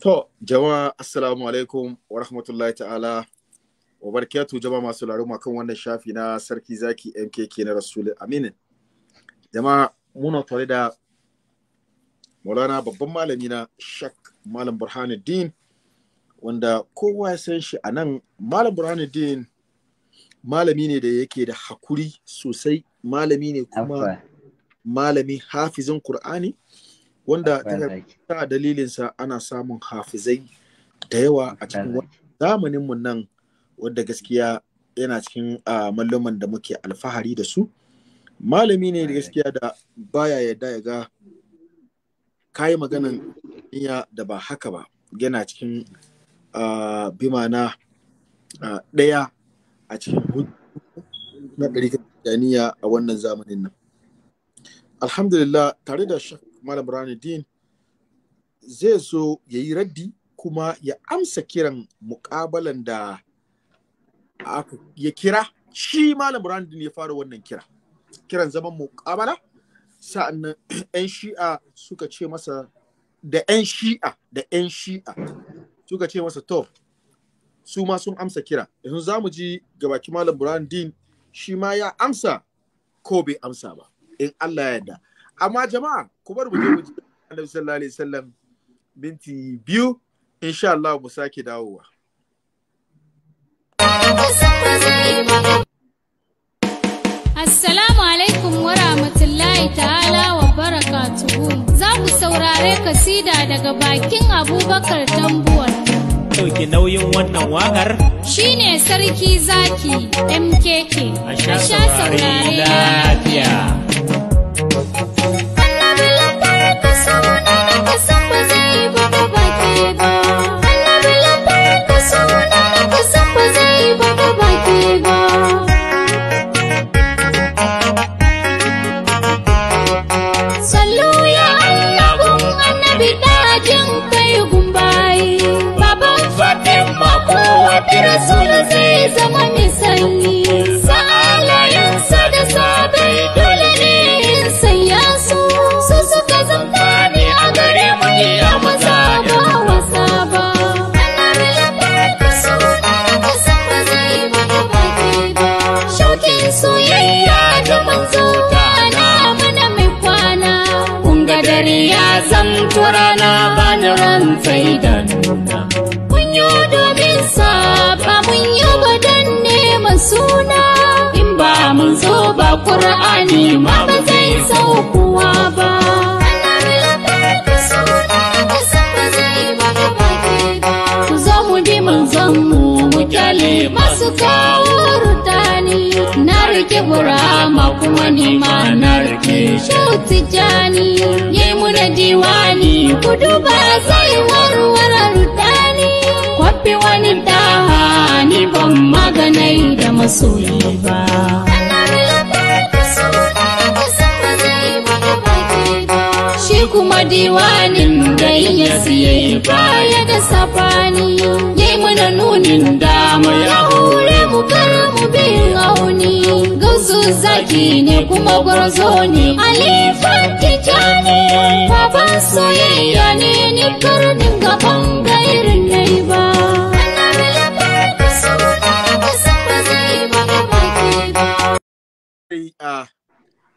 To, jama'a assalamu alaikum wa rahmatullahi ta'ala wa barkatu jama'a masu laruma kan wannan shafi na sarki zaki MKK na Rasulun Aminin. Jama'a muna tare da Maulana babban malami na Shak Malam Burhanuddin wanda kowa ya san shi anan nan Malam Burhanuddin malami ne da yake da hakuri sosai malami ne kuma malami hafizin Kur'ani. wanda ta dalilinsa ana samun hafizai da yawa a cikin zamanin mu nan wadda gaskiya yana cikin malluman da muke alfahari da su malami ne da gaskiya da baya yadda ya ga kayi maganan iya da ba haka ba yana cikin bimana ɗaya a cikin na ɗari a wannan zamanin nan alhamdulillah tare da shakka malam Burhanuddin zai so ya yi raddi kuma ya amsa kiran muƙabalan da ya kira shi malam Burhanuddin ya fara wannan kira kiran zaman muƙabala sa'annan 'yan shi'a suka ce masa da 'yan shi'a da 'yan shi'a suka ce masa to su ma sun amsa kira yanzu za mu ji gabaki malam Burhanuddin shi ma ya amsa ko bai amsa ba in Allah ya yarda amma jama'a ku bar mu je Annabi sallallahu alaihi wasallam binti biyu insha Allah mu sake dawowa Assalamu alaikum wa rahmatullahi ta'ala wa barakatuhu za ku saurare kasida daga bakin Abubakar Tambuwar ɗauki nauyin wannan wakar shine sarki zaki MKK a sha saurare lafiya rasulu zai zama misali sa'alayensa da sabai dole ne in sanya su su suka zanta ne a gare mu yi iya maza ba wasa ba soyayya da manzo tana mana mai kwana kun ga dare ya zamto rana ba na ran sai da nuna kun yi saba mun yi dan neman suna in ba mun zo ba qur'ani ma ba zai saukuwa ba ku zo mu bi mu masu kawo rudani na rike burama kuma ni ma na rike shauti jani yi mu da diwani ku duba zai warware rudani rabbi wani daha ni ban maganai da masoyi ba shi kuma diwanin gai ya siye baya da safani yi mana nunin dama ya hura zaki ne kuma gwarzo ne alifan tijani baban soyayya ne ni karnin gaban gairin nai ba ah,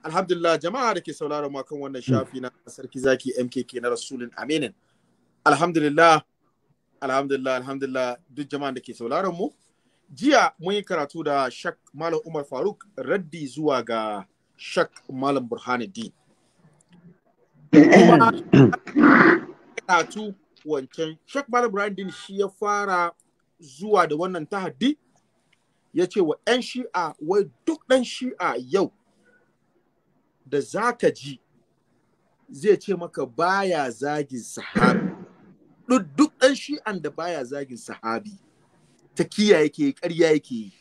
Alhamdulillah jama'a da ke sauraron mu kan wannan shafi na sarki zaki MKK na Rasulun Aminin. Alhamdulillah, alhamdulillah, alhamdulillah duk jama'an da ke sauraron mu. jiya mun yi karatu da shak malam umar faruk raddi zuwa ga shak malam burhanuddin din. karatu wancan shak malam burhanuddin shi ya fara zuwa da wannan tahaddi ya ce wa 'yan shi'a wai duk ɗan shi'a yau da zaka ji zai ce maka baya zagin sahabi duk ɗan shi'an da baya zagin sahabi ta kiyaye ke ƙarya yake yi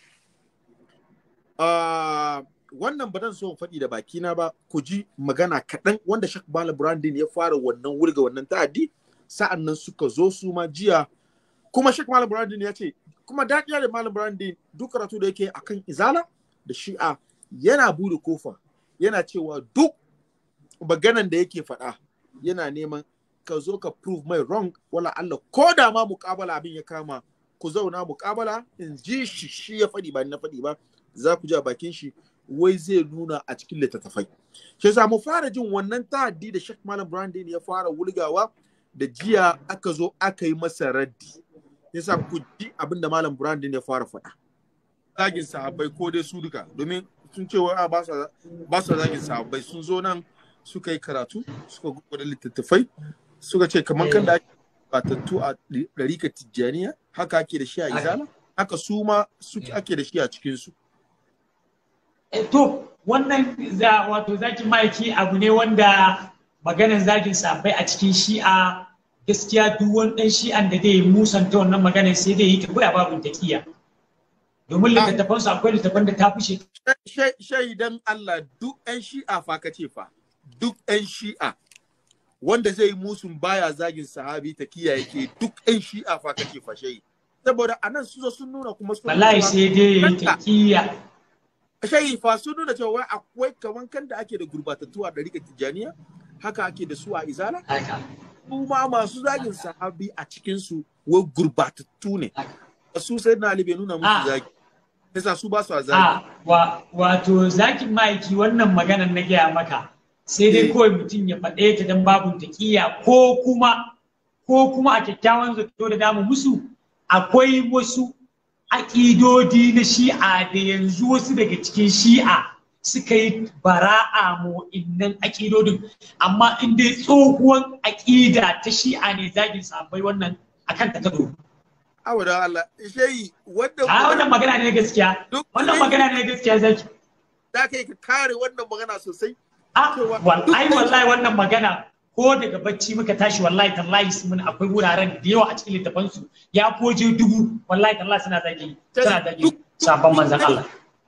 ah, wannan ba zan so in faɗi da bakina ba ku ji magana kaɗan wanda Shak Bala Brandin ya fara wannan wurga wannan ta'addi sa'an nan suka zo su ma jiya kuma Sheikh Bala Brandin ya ce kuma daɗiya da Bala Brandin duk karatu da yake akan izala da shi'a yana bude kofa yana cewa duk maganan da yake faɗa yana neman ka zo ka prove mai wrong wala Allah ko da ma muƙabala abin ya kama ku zauna muƙabala in ji shi shi ya faɗi ba na faɗi ba za ku ji a bakin shi wai zai nuna a cikin littattafai shi yasa mu fara jin wannan ta'addi da Sheikh Malam Brandin ya fara wulgawa da jiya aka zo aka yi masa raddi yasa ku ji abin da Malam Brandin ya fara faɗa zagin sahabbai ko dai su duka domin sun ce wai ah, ba sa zagin sahabbai sun zo nan suka yi karatu suka gudu littattafai suka ce kamar kan da ake batattu a ɗarika tijjaniya haka ake da shi a izala haka su ma suke ake da shi a cikin su eh, to wannan za wato zaki maiki abu ne wanda maganar zagin sabai a cikin shi'a gaskiya duk wani dan shi'an da zai musanta wannan maganar sai dai yi ta goya babu taƙiya domin littattafan su akwai littattafan da ta fi shaidan Allah duk ɗan shi'a fa kace fa duk ɗan shi'a wanda zai yi musun baya zagin sahabi ta kiyaye ke duk ɗan shi'a fa kake fashe saboda anan su zo sun nuna kuma su wallahi sai dai ta kiya shayi fa sun nuna cewa akwai kaman kan da ake da gurbatattuwa da rika tijaniya haka ake da su a izala kuma masu zagin sahabi a cikin su wai gurbatattu ne su sai na libe nuna musu ah. zagi yasa su ba su a ah, zagi wato zakin ma'aiki wannan maganar na gaya maka sai dai kawai mutum ya faɗe ta don babun kiya ko kuma ko kuma a kyakkyawan zato da damu musu akwai wasu aƙidodi na shi'a da yanzu wasu daga cikin shi'a suka yi bara'a mu innan aƙidodin amma in dai tsohuwan aƙida ta shi'a ne zagin sabai wannan akan ta gado awa da Allah shehi wannan wannan magana ne gaskiya wannan magana ne gaskiya zaki da kai ka kare wannan magana sosai Ah, wallahi wallahi wannan magana ko daga bacci muka tashi wallahi tallahi mun akwai wuraren da yawa a cikin littafan su ya koje dubu wallahi tallahi suna zagi suna zagi sabon manzon Allah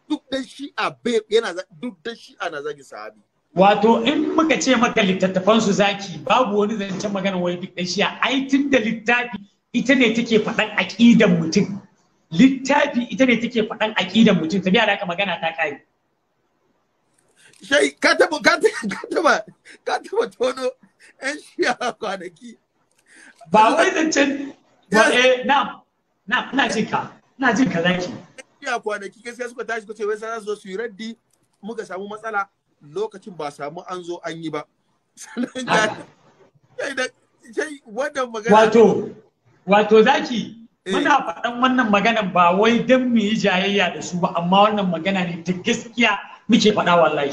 duk dan shi'a yana duk dan shi'a na zagi sahabi wato in muka ce maka littattafan su zaki babu wani zancen magana wai duk dan a ai tun da littafi ita ne take faɗan aƙidan mutum littafi ita ne take faɗan aƙidan mutum tabiya da haka magana ta kai shai ka taba ka taba ka taba tono yan shiya kwanaki ba wai zancen ba eh na na na ji ka na ji ka zaki shiya kwanaki gaskiya suka tashi kace wai sai su yi raddi muka samu matsala lokacin ba samu an zo an yi ba sai magana wato wato zaki eh. Muna faɗan wannan maganan ba wai don mu yi jayayya da su ba, amma wannan magana ne ta gaskiya muke faɗa wallahi.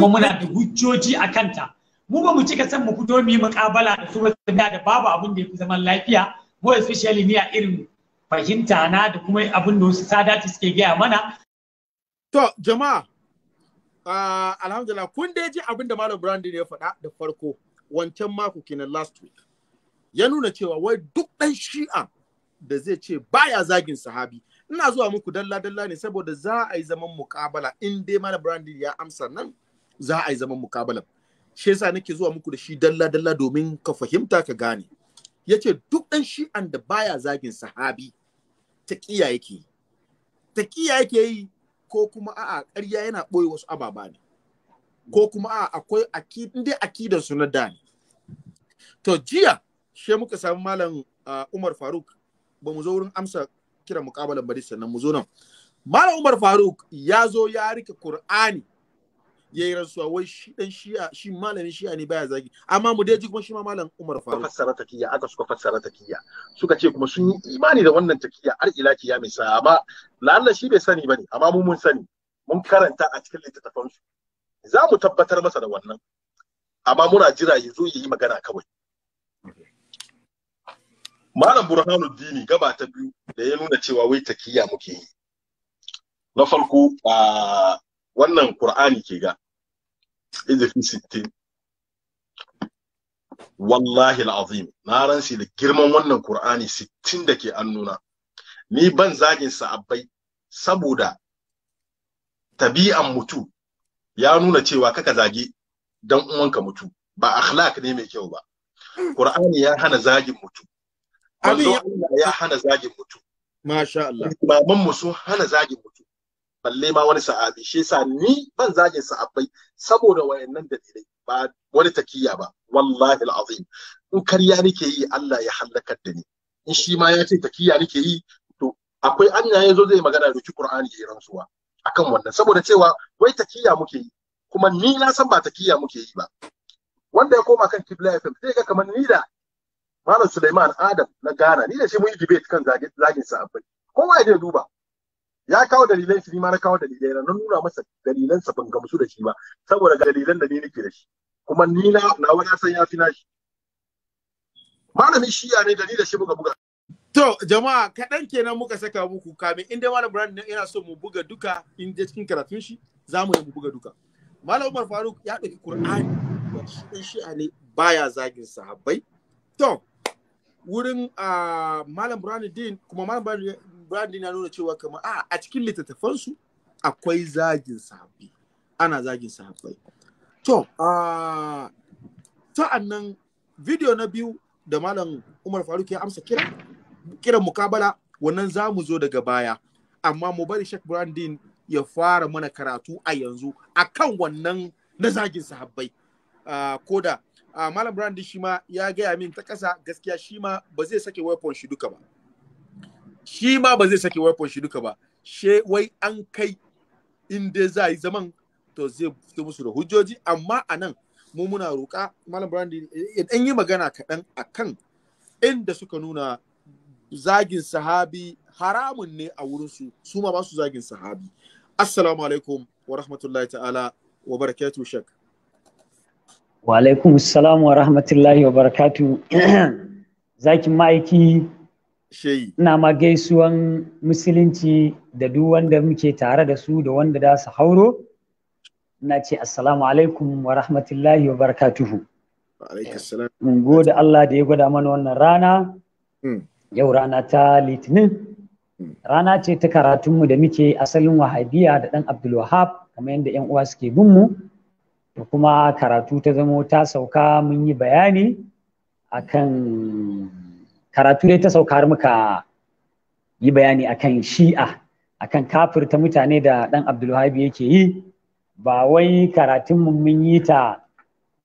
kuma muna da hujjoji a kanta mu ba mu cika san mu fito mu yi muƙabala da su ba da babu abin da ya fi zaman lafiya ko especially ni a irin fahimta na da kuma abin da wasu sadati suke gaya mana. To jama'a uh, alhamdulillah kun dai ji abin da Malam Brandon ya faɗa da farko wancan mako kenan last week ya nuna cewa wai duk ɗan shi'a da zai ce baya zagin sahabi ina zuwa muku dalla dalla ne saboda za a yi zaman mukabala in dai malam brandy ya amsa nan za a yi zaman mukabalan shi yasa nake zuwa muku da shi dalla dalla domin ka fahimta ka gane yace duk dan shi'an da baya zagin sahabi ta kiya yake ta kiya yake yi ko kuma a'a ƙarya yana ɓoye wasu ababa ne ko kuma a'a akwai akidin akidan su na da ne to jiya she muka samu malam Umar Faruk ba mu zo wurin amsa kiran mukabalan bari sannan mu zo nan malam Umar Faruk ya zo ya rika Qur'ani ya yi rasuwa wai shi dan shi'a shi malamin shi'a ne baya zagi amma mu ji kuma shi ma malam Umar Faruk fassara takiyya aka suka fassara takiyya suka ce kuma sun yi imani da wannan takiyya har ila mai sa amma lalla shi bai sani bane amma mu mun sani mun karanta a cikin littattafan su za mu tabbatar masa da wannan amma muna jira ya zo ya yi magana kawai Malam Burhanuddini gaba ta biyu da ya nuna cewa wai takiyya muke yi. Na farko a ah, wannan qur'ani ke ga izifi 60 wallahi al'azim na ransi da girman wannan qur'ani sittin da ke annuna ni ban zagin sa'abbai saboda tabi'an mutu ya nuna cewa kaka zagi dan uwanka mutu ba akhlaq ne mai kyau ba qur'ani ya hana zagin mutu Allah ya hana zagin mutu masha Allah imaman mu sun hana zagin mutu balle ma wani sa'abi shi yasa ni ban zage sa'abai saboda wayannan dalilai ba wani takiya ba wallahi alazim in karya nake yi Allah ya halakar da ni in shi ma ya ce takiya nake yi to akwai anya yazo zai magana da Qur'ani ya rantsuwa akan wannan saboda cewa wai takiya muke yi kuma ni na san ba takiya muke yi ba wanda ya koma kan Qibla FM sai ga kamar ni da Malam Suleiman Adam na Ghana ni da shi mun yi debate kan zagin sa'abai kowa ya je duba ya kawo dalilan shi ma na kawo dalilai na nuna masa dalilan sa ban gamsu da shi ba saboda ga dalilan da ni nake da shi kuma ni na na wani san ya fi nashi malamin malami ne ya ne dalilan shi buga buga to jama'a kaɗan kenan muka saka muku kamin inda malam Brand nan yana so mu buga duka in je cikin karatun shi za mu yi mu buga duka malam Umar Faruk ya ɗauki Qur'ani shi shi ne baya zagin sahabbai to wurin ah, malam din, kuma malam branding na nuna cewa kamar a a cikin littattafansu akwai zagin sahabbai ana zagin sahabbai to a sa'an nan video na biyu da malam Umar Faruk ya amsa kira kiran mukabala wannan za mu zo daga baya amma mu bari Sheikh branding ya fara mana karatu a yanzu akan wannan na zagin sahabbai uh, koda uh, malam Brandin shi ma ya gaya min ta ƙasa gaskiya shi ma ba zai sake weapon shi duka ba shi ma ba zai sake weapon shi duka ba she wai an kai in dai za yi zaman to zai fito musu da hujjoji amma a nan mu muna roƙa malam brandi ya yi magana kaɗan a kan inda suka nuna zagin sahabi haramun ne a wurinsu su ma ba su zagin sahabi assalamu alaikum wa rahmatullahi ta'ala wa barakatuhu shek wa alaikum assalam wa rahmatullahi wa barakatuhu zakin ma'aiki shehi ina ma gaisuwan musulunci da duk wanda muke tare da su da wanda da su hauro ina ce assalamu alaikum wa rahmatullahi wa barakatuhu mun gode Allah da ya gwada mana wannan rana hmm. yau rana ta litinin hmm. rana ce ta karatunmu da muke asalin wahabiya da ɗan abdulwahab kamar yadda 'yan uwa suke bin mu da kuma karatu ta zamo ta sauka mun yi bayani akan karatu ne ta saukar muka yi bayani akan shi'a akan kafirta mutane da dan abdulhabi yake yi ba wai karatun mun yi ta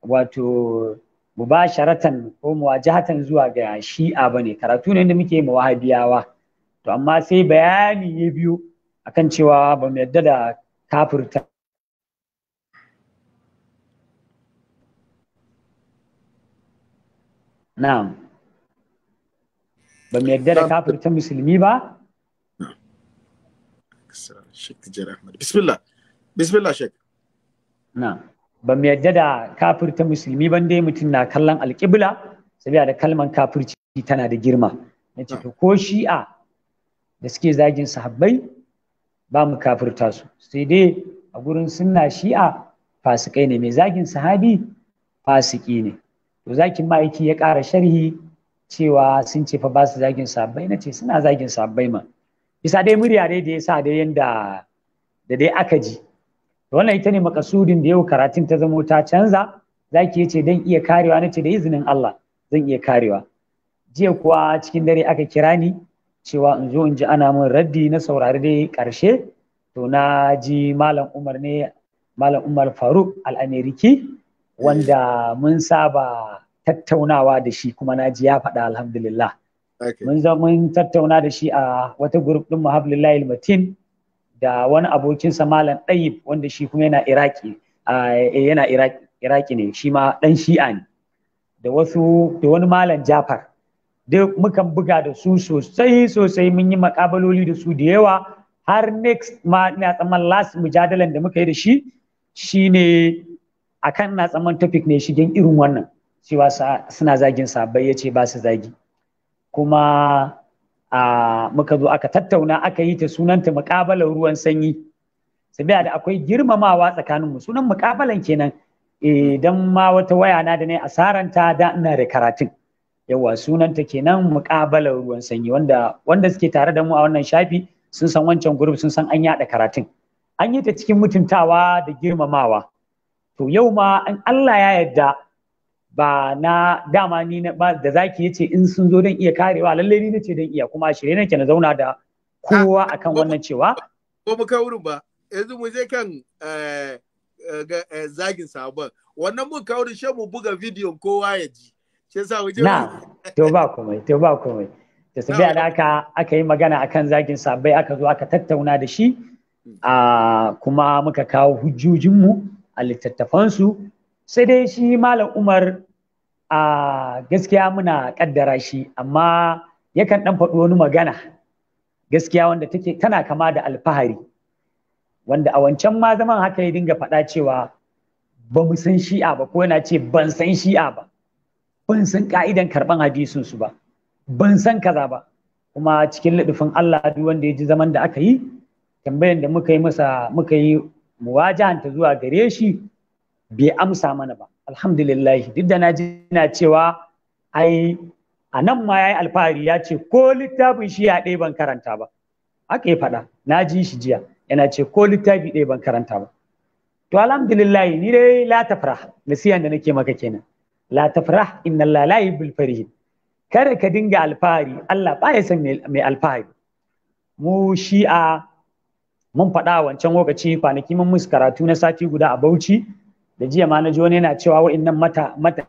wato mubasharatan ko muwajahatan zuwa ga shi'a ba bane karatu ne da muke ma wahabiyawa to amma sai bayani ya biyo akan cewa ba mu yadda da kafirta na'am ba mu yarda da kafirta musulmi ba na ba mu yarda da kafirta musulmi ban dai mutum na kallon alƙibla sabiya da kalman kafirci tana da girma na ce to ko shi'a da suke zagin sahabbai ba mu kafirta su sai dai a gurin sunna shi'a fasikai ne mai zagin sahabi fasiki ne to zakin ma'aiki ya ƙara sharhi cewa sun ce fa ba su zagin sabbai na ce suna zagin sabbai ma bisa dai murya dai da ya sa dai yanda da dai aka ji wannan ita ne makasudin da yau karatun ta zamo ta canza zaki yace ce dan iya karewa na ce da izinin Allah zan iya karewa jiya kuwa cikin dare aka kira ni cewa in zo in ji ana mun raddi na saurari dai karshe to na ji malam Umar ne malam Umar Faruk al-Ameriki wanda mun saba tattaunawa da shi kuma na ji ya faɗa alhamdulillah mun zama mun tattauna da shi a wata gurub ɗin Mahabdullahi matin da wani abokinsa malam ɗayib wanda shi kuma yana iraki eh, yana iraki ne shi ma ɗan shi'a ne da wasu da wani malam jafar duk mukan buga da su sosai sosai mun yi makabaloli da su da yawa har next ma ina tsaman last mujadalan da muka yi da shi shine akan na tsaman topic ne shigen irin wannan cewa suna zagin sahabbai ya ce ba su zagi kuma a muka zo aka tattauna aka yi ta sunanta muƙabalar ruwan sanyi sabiya da akwai girmamawa tsakanin mu sunan muƙabalan kenan idan eh, ma wata waya na da ne asaranta da ina da karatun yawa sunanta kenan muƙabalar ruwan sanyi wanda wanda suke tare da mu a wannan shafi sun san wancan group sun san an yaɗa karatun an yi ta cikin mutuntawa da girmamawa to yau ma in Allah ya yarda ba na dama ni na ba da zaki yace in sun zo don iya karewa lallai ni nace don iya kuma shirye nake na zauna da kowa ah, akan wannan cewa ko mu kai wurin ba yanzu mu je kan eh, eh, eh, zagin sabon wannan mun kawo shi mu buga video kowa ya ji shi yasa mu je na to ba komai to ba komai da su da aka yi magana akan zagin sabai aka zo aka tattauna da shi hmm. a ah, kuma muka kawo hujjojinmu a littattafansu sai dai shi malam umar a gaskiya muna kaddara shi amma yakan dan faɗi wani magana gaskiya wanda take tana kama da alfahari wanda a wancan ma zaman haka ya dinga faɗa cewa ba mu san shi'a ba ko yana ce ban san shi'a ba ban san ka'idan karban hadisin su ba ban san kaza ba kuma cikin ludufin Allah duk wanda ya ji zaman da aka yi tambayan da muka yi masa muka yi muwajahanta zuwa gare shi bai amsa mana ba alhamdulillah duk da na ji na cewa ai a nan ma ya yi alfahari ya ce ko littafin shi ya ɗaya ban karanta ba aka yi faɗa na ji shi jiya yana ce ko littafi ɗaya ban karanta ba to alhamdulillah ni dai la tafrah nasihan da nake maka kenan la tafrah inna allaha la farihin kar ka dinga alfahari Allah ba ya san mai alfahari mu shi'a mun faɗa wancan lokaci kwanaki mun musu karatu na sati guda a Bauchi da jiya ma na ji wani yana cewa wa'annan mata mata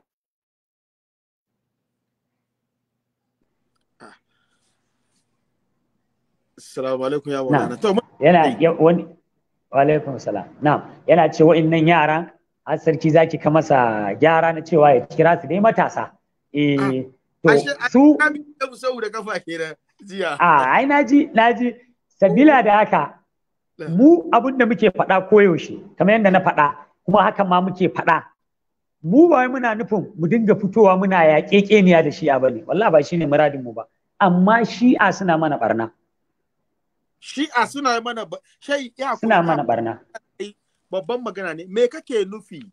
Assalamu alaikum ya yana wani wa yana ce wa'annan yara har sarki zaki ka masa gyara na cewa ya kira su dai matasa. Eh ah, to su saboda kafa jiya. A ah, ai naji naji sabila da haka eh. mu abinda muke faɗa koyaushe kamar yadda na faɗa kuma haka ma muke faɗa mu ba muna nufin mu dinga fitowa muna yaƙeƙeniya da shi'a bane wallahi ba shine muradin mu ba amma shi'a suna mana barna shi'a suna mana shai ya suna mana barna babban magana ne me kake nufi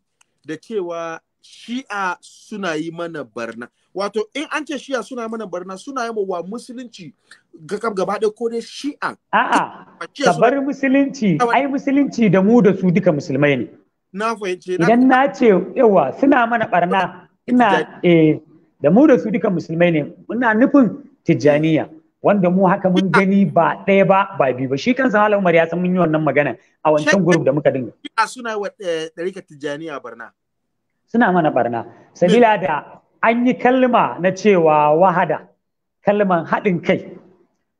da cewa shi'a suna yi mana barna wato in an ce shi'a suna mana barna suna yi wa musulunci gaba da ko dai shi'a a'a ka bar musulunci ai musulunci da mu da su duka musulmai ne na fahimce idan na ce yawa suna mana barna ina eh da mu da su duka musulmai ne muna nufin tijaniya wanda mu haka mun gani ba ɗaya ba ba biyu ba shi kansa Malam Umar ya san mun yi wannan magana a wancan group da muka dinga a suna wa eh, ɗarika tijaniya barna suna mana barna sabila da an yi kalma na cewa wahada kalman haɗin kai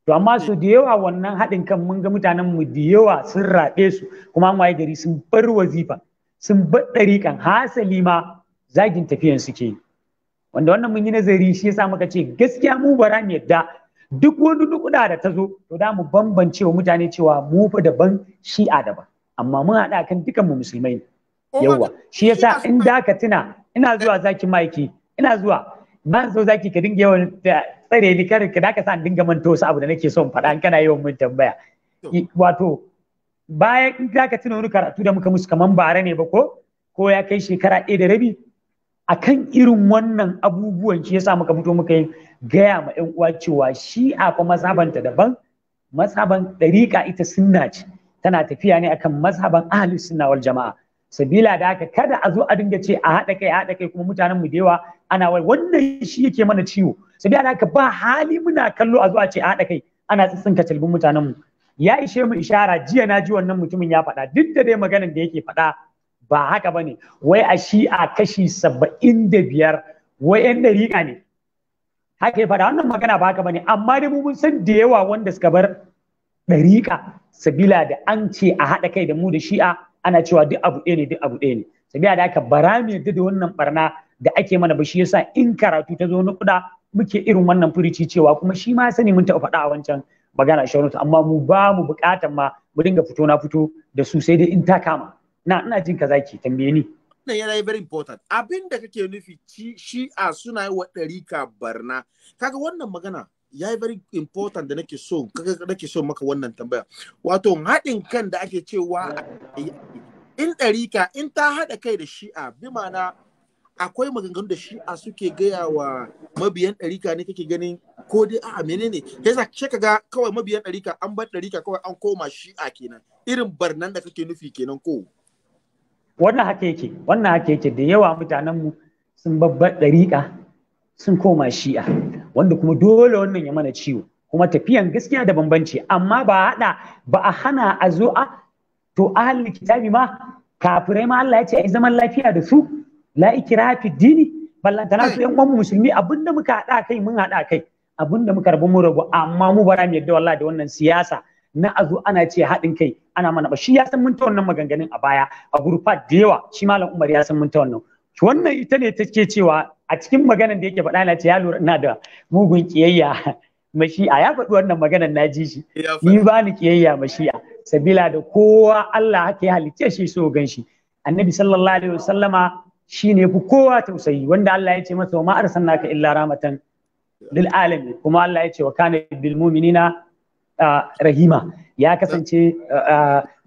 to amma su hmm. da yawa wannan haɗin kan mun ga mutanen mu da yawa sun raɓe su kuma an waye gari sun bar wazifa sun bar ɗariƙan hasali ma zagin tafiyan suke wanda wannan mun yi nazari shi yasa muka ce gaskiya mu bara mu yadda duk wani dukuda da ta zo to da mu bambance wa mutane cewa mu fa daban shi a daban amma mun haɗa kan dukan mu musulmai eh, yawa shi yasa in da ka tuna ina zuwa zaki maiki ina zuwa ba zo zaki ka dinga yawan tsare ni kar ka da ka sa dinga manto wasu abu da nake son faɗa kana yawan mun tambaya wato Baya in za ka tuna wani karatu da muka musu kaman bara ne ba ko ko ya kai shekara ɗaya da rabi akan irin wannan abubuwan shi yasa muka fito muka yi gaya ma ƴan uwa cewa shi a fa mazhabanta daban mazhaban ɗariƙa ita sunna ce tana tafiya ne akan mazhaban ahli sunna wal jama'a sabila da haka kada a zo a dinga ce a haɗa kai a haɗa kai kuma mutanen mu da yawa ana wai wannan shi yake mana ciwo sabila da haka ba hali muna kallo a zo a ce a haɗa kai ana tsitsinka talbin mutanen mu ya ishe mu ishara jiya na ji wannan mutumin ya faɗa duk da dai maganin da yake faɗa ba haka ba ne wai a shi'a kashi saba'in da biyar wai yan dariƙa ne haka ya faɗa wannan magana ba haka ba ne amma dai mu mun san da yawa wanda suka bar dariƙa sabila da an ce a haɗa kai da mu da shi'a ana cewa duk abu ɗaya ne duk abu ɗaya ne sabila da aka bara mu yadda da wannan barna da ake mana ba shi yasa in karatu ta zo na muke irin wannan furici cewa kuma shi ma sani mun taɓa faɗa a wancan magana a shawarar amma mu ba mu bukatan ma mu dinga fito na fito da su sai dai in ta kama na ina jin kaza ki tambaye ni wannan yana very important abin da kake nufi shi'a suna yi wa ɗarika barna kaga wannan magana ya yi very important da nake so nake so maka wannan tambaya wato haɗin kan da ake cewa in ɗarika in ta haɗa kai da shi'a bi ma'ana akwai maganganu da shi'a suke gaya wa mabiyan ɗarika ne kake ganin ko dai a'a ne? yasa ce ga kawai mabiyan ɗarika an bar ɗarika kawai an koma shi'a kenan irin barnan da kake nufi kenan ko wannan haka yake wannan haka yake da yawa mutanen mu sun babbar ɗarika sun koma shi'a wanda kuma dole wannan ya mana ciwo kuma tafiyan gaskiya da bambanci amma ba haɗa ba a hana a zo a to ahalin kitabi ma kafirai ma Allah ya ce ai zaman lafiya da su la ikira fi dini tana su yan uwan musulmi abinda muka haɗa kai mun haɗa kai abinda muka rabu mun rabu amma mu bara mu yadda wallahi da wannan siyasa na azu ana ce haɗin kai ana mana ba shi ya san mun ta wannan maganganun a baya a gurfa da yawa shi malam Umar ya san mun ta wannan wannan ita ne take cewa a cikin maganan da yake faɗa na ce ya lura ina da mugun kiyayya mashi'a ya faɗi wannan maganan na ji shi ni ba ni kiyayya mashi'a sabila da kowa Allah haka ya halicce shi so gan shi annabi sallallahu alaihi wasallama shi ne fi kowa tausayi wanda Allah ya ce masa wa ma ka illa rahmatan lil alamin kuma Allah ya ce wa kana bil mu'minina rahima ya kasance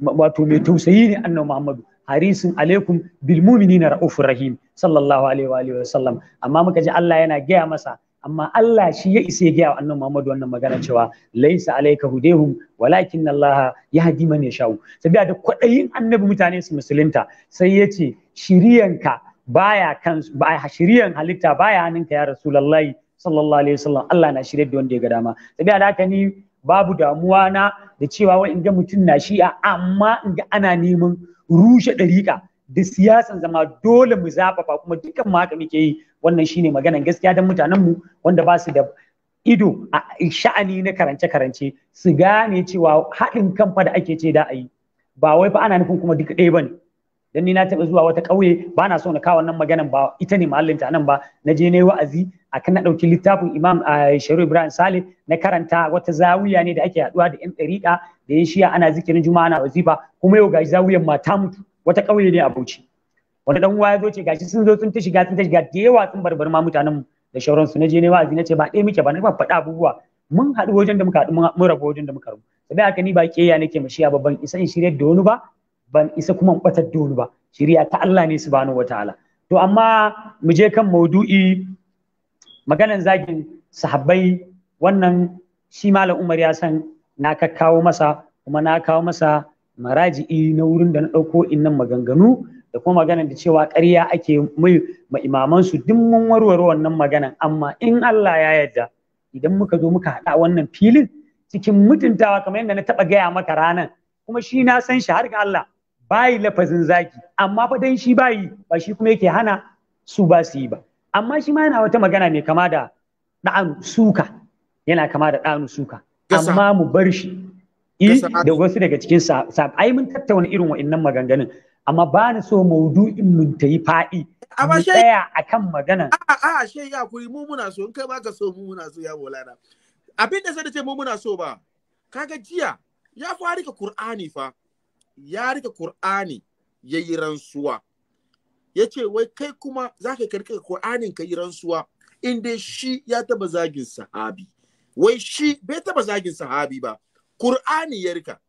wato mai tausayi ne annabi Muhammadu harisun alaikum bil mu'minina raufur rahim sallallahu alaihi wa alihi wa amma muka ji Allah yana gaya masa amma Allah shi ya isa ya gaya wa annabi Muhammadu wannan magana cewa laisa alayka hudehum walakin Allah yahdi man yashau sabiya da kwadayin annabi mutane su musulunta sai yace shiriyanka baya kan baya shiriyan halitta baya hannunka ya rasulullahi sallallahu alaihi wasallam Allah na shirye da wanda ya ga dama sabi da haka ni babu damuwa na da cewa wai in ga mutum na shi'a amma in ga ana neman rushe dariƙa da siyasan zama dole mu zafafa kuma dukan mu haka muke yi wannan shine maganan gaskiya dan mutanen mu wanda ba su da ido a sha'ani na karance-karance su gane cewa haɗin kan da ake ce da a yi ba wai fa ana nufin kuma duka ɗaya ba ne dan ni na taɓa zuwa wata ƙauye ba na so na kawo wannan maganan ba ita ne mallinta nan ba na je na yi wa'azi kan na ɗauki littafin imam sharu ibrahim salih na karanta wata zawiya ne da ake haɗuwa da yan ɗariƙa da yan shiya ana zikirin juma'a na wazifa kuma yau ga zawiyan mata mutu wata ƙauye ne a bauchi wani dan uwa ya zo ce gashi sun zo sun ta shiga sun ta shiga da yawa sun barbar ma mutanen mu da shauransu na je ne wa'azi na ce ba ɗaya muke ba na faɗa abubuwa mun haɗu wajen da muka haɗu mun rabu wajen da muka rabu sabai haka ni ba ƙeya nake mashi babban isa in shirya da wani ba ban isa kuma in batar dole ba shiriya ta Allah ne subhanahu wataala to amma mu je kan maudu'i maganan zagin sahabbai wannan shi malam Umar ya san na kawo masa kuma na kawo masa maraji'i na wurin da na ɗauko innan maganganu da kuma maganan da cewa ƙarya ake mai ma su duk mun warware wannan maganan amma in Allah ya yarda idan muka zo muka haɗa wannan filin cikin mutuntawa kamar yadda na taɓa gaya maka ranan kuma shi na san shi har ga Allah bayi lafazin zaki amma fa dan shi bayi ba shi kuma yake hana su ba su yi ba amma shi ma yana wata magana mai kama da ɗa'anu suka yana kama da ɗa'anu suka amma mu bar shi i da wasu daga cikin sa ai mun tattauna irin wa'annan maganganun amma ba ni so maudu'in mun ta yi fa'i mu tsaya akan magana a a she ya kuri mu muna so in kai baka so mu muna so ya bolana abin da sai ce mu muna so ba kaga jiya ya fara ka qur'ani fa ya rika Kur'ani ya yi rantsuwa. Ya ce, wai kai kuma za ka karka Kur'anin ka yi rantsuwa in dai shi ya taba zagin sahabi. Wai shi bai taba zagin sahabi ba, Kur'ani ya rika.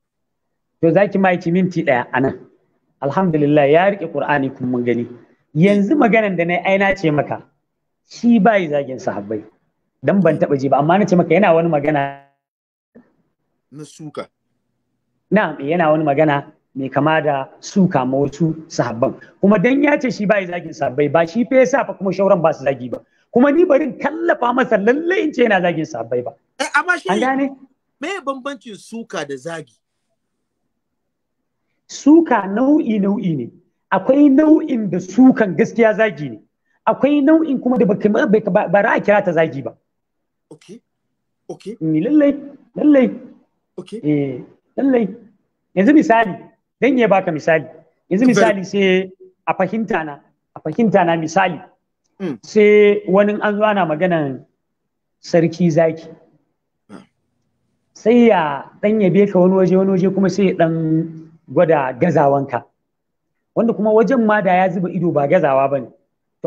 To za ki maiki minti ɗaya a nan. Alhamdulillah ya rike Kur'ani kun mun gani. Yanzu maganan da na yi aina ce maka, shi ba yi zagin sahabbai. Dan ban taɓa ji ba, amma na ce maka yana wani magana. Na suka. Na, yana wani magana mai kama da su kama wasu sahabban kuma dan ya ce shi bai zagin sahabbai ba shi fa yasa fa kuma shauran ba su zagi ba kuma ni barin kallafa masa lalle in ce yana zagin sahabbai ba eh amma shi an gane me bambancin suka da zagi suka nau'i nau'i ne akwai nau'in da sukan gaskiya zagi ne akwai nau'in kuma da ba ba ra'a kira ta zagi ba okay okay ni lalle lalle okay eh lalle yanzu misali dan ya baka misali yanzu misali sai a fahimta na a fahimta na misali hmm. sai wani an zo ana maganan sarki zaki hmm. sai ya dan yabe ka wani waje wani waje kuma sai ya dan gwada gazawanka wanda kuma wajen ma da ya zuba ido ba gazawa ba ne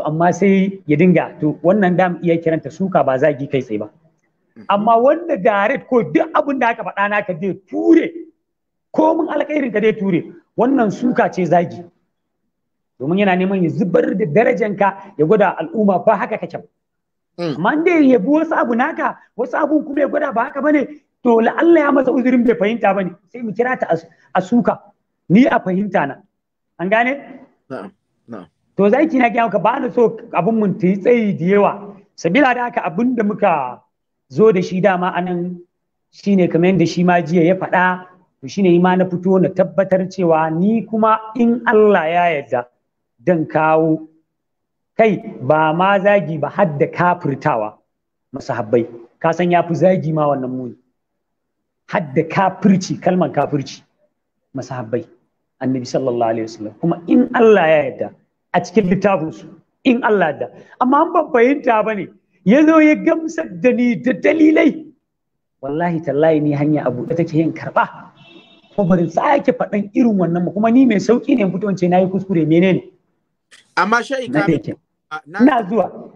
to amma sai ya dinga to wannan dam iya kiranta suka ba zagi kai tsaye ba hmm. amma wanda direct ko duk abin da aka faɗa naka zai ture komin alƙairin ka dai ture wannan suka ce zagi domin yana neman ya zubar da darajanka ya gwada al'umma ba haka kake ba hmm. amma ya bi wasu abu naka wasu abu kuma ya gwada ba haka bane to la'alla ya masa uzurin bai fahimta bane sai mu kira ta a suka ni a fahimta na an gane to zaki na gaya ka ba na so abun mun ta tsayi da yawa sabila da haka abun da muka zo da shi dama anan shine kamar yadda shi ma jiya ya faɗa to shine ni ma na fito na tabbatar cewa ni kuma in Allah ya yarda dan kawo kai ba ma zagi ba har da kafirtawa masahabbai ka san ya fi zagi ma wannan muni har da kafirci kalmar kafirci masahabbai annabi sallallahu alaihi wasallam kuma in Allah ya yarda a cikin littafinsu in Allah yarda amma an ban fahimta ba ne ya zo ya gamsar da ni da dalilai wallahi tallahi ni hanya abu da take yin karba kuma sake faɗan irin wannan kuma ni mai sauki ne fito ce nayi kuskure menene amma sha'i ah, ka na zuwa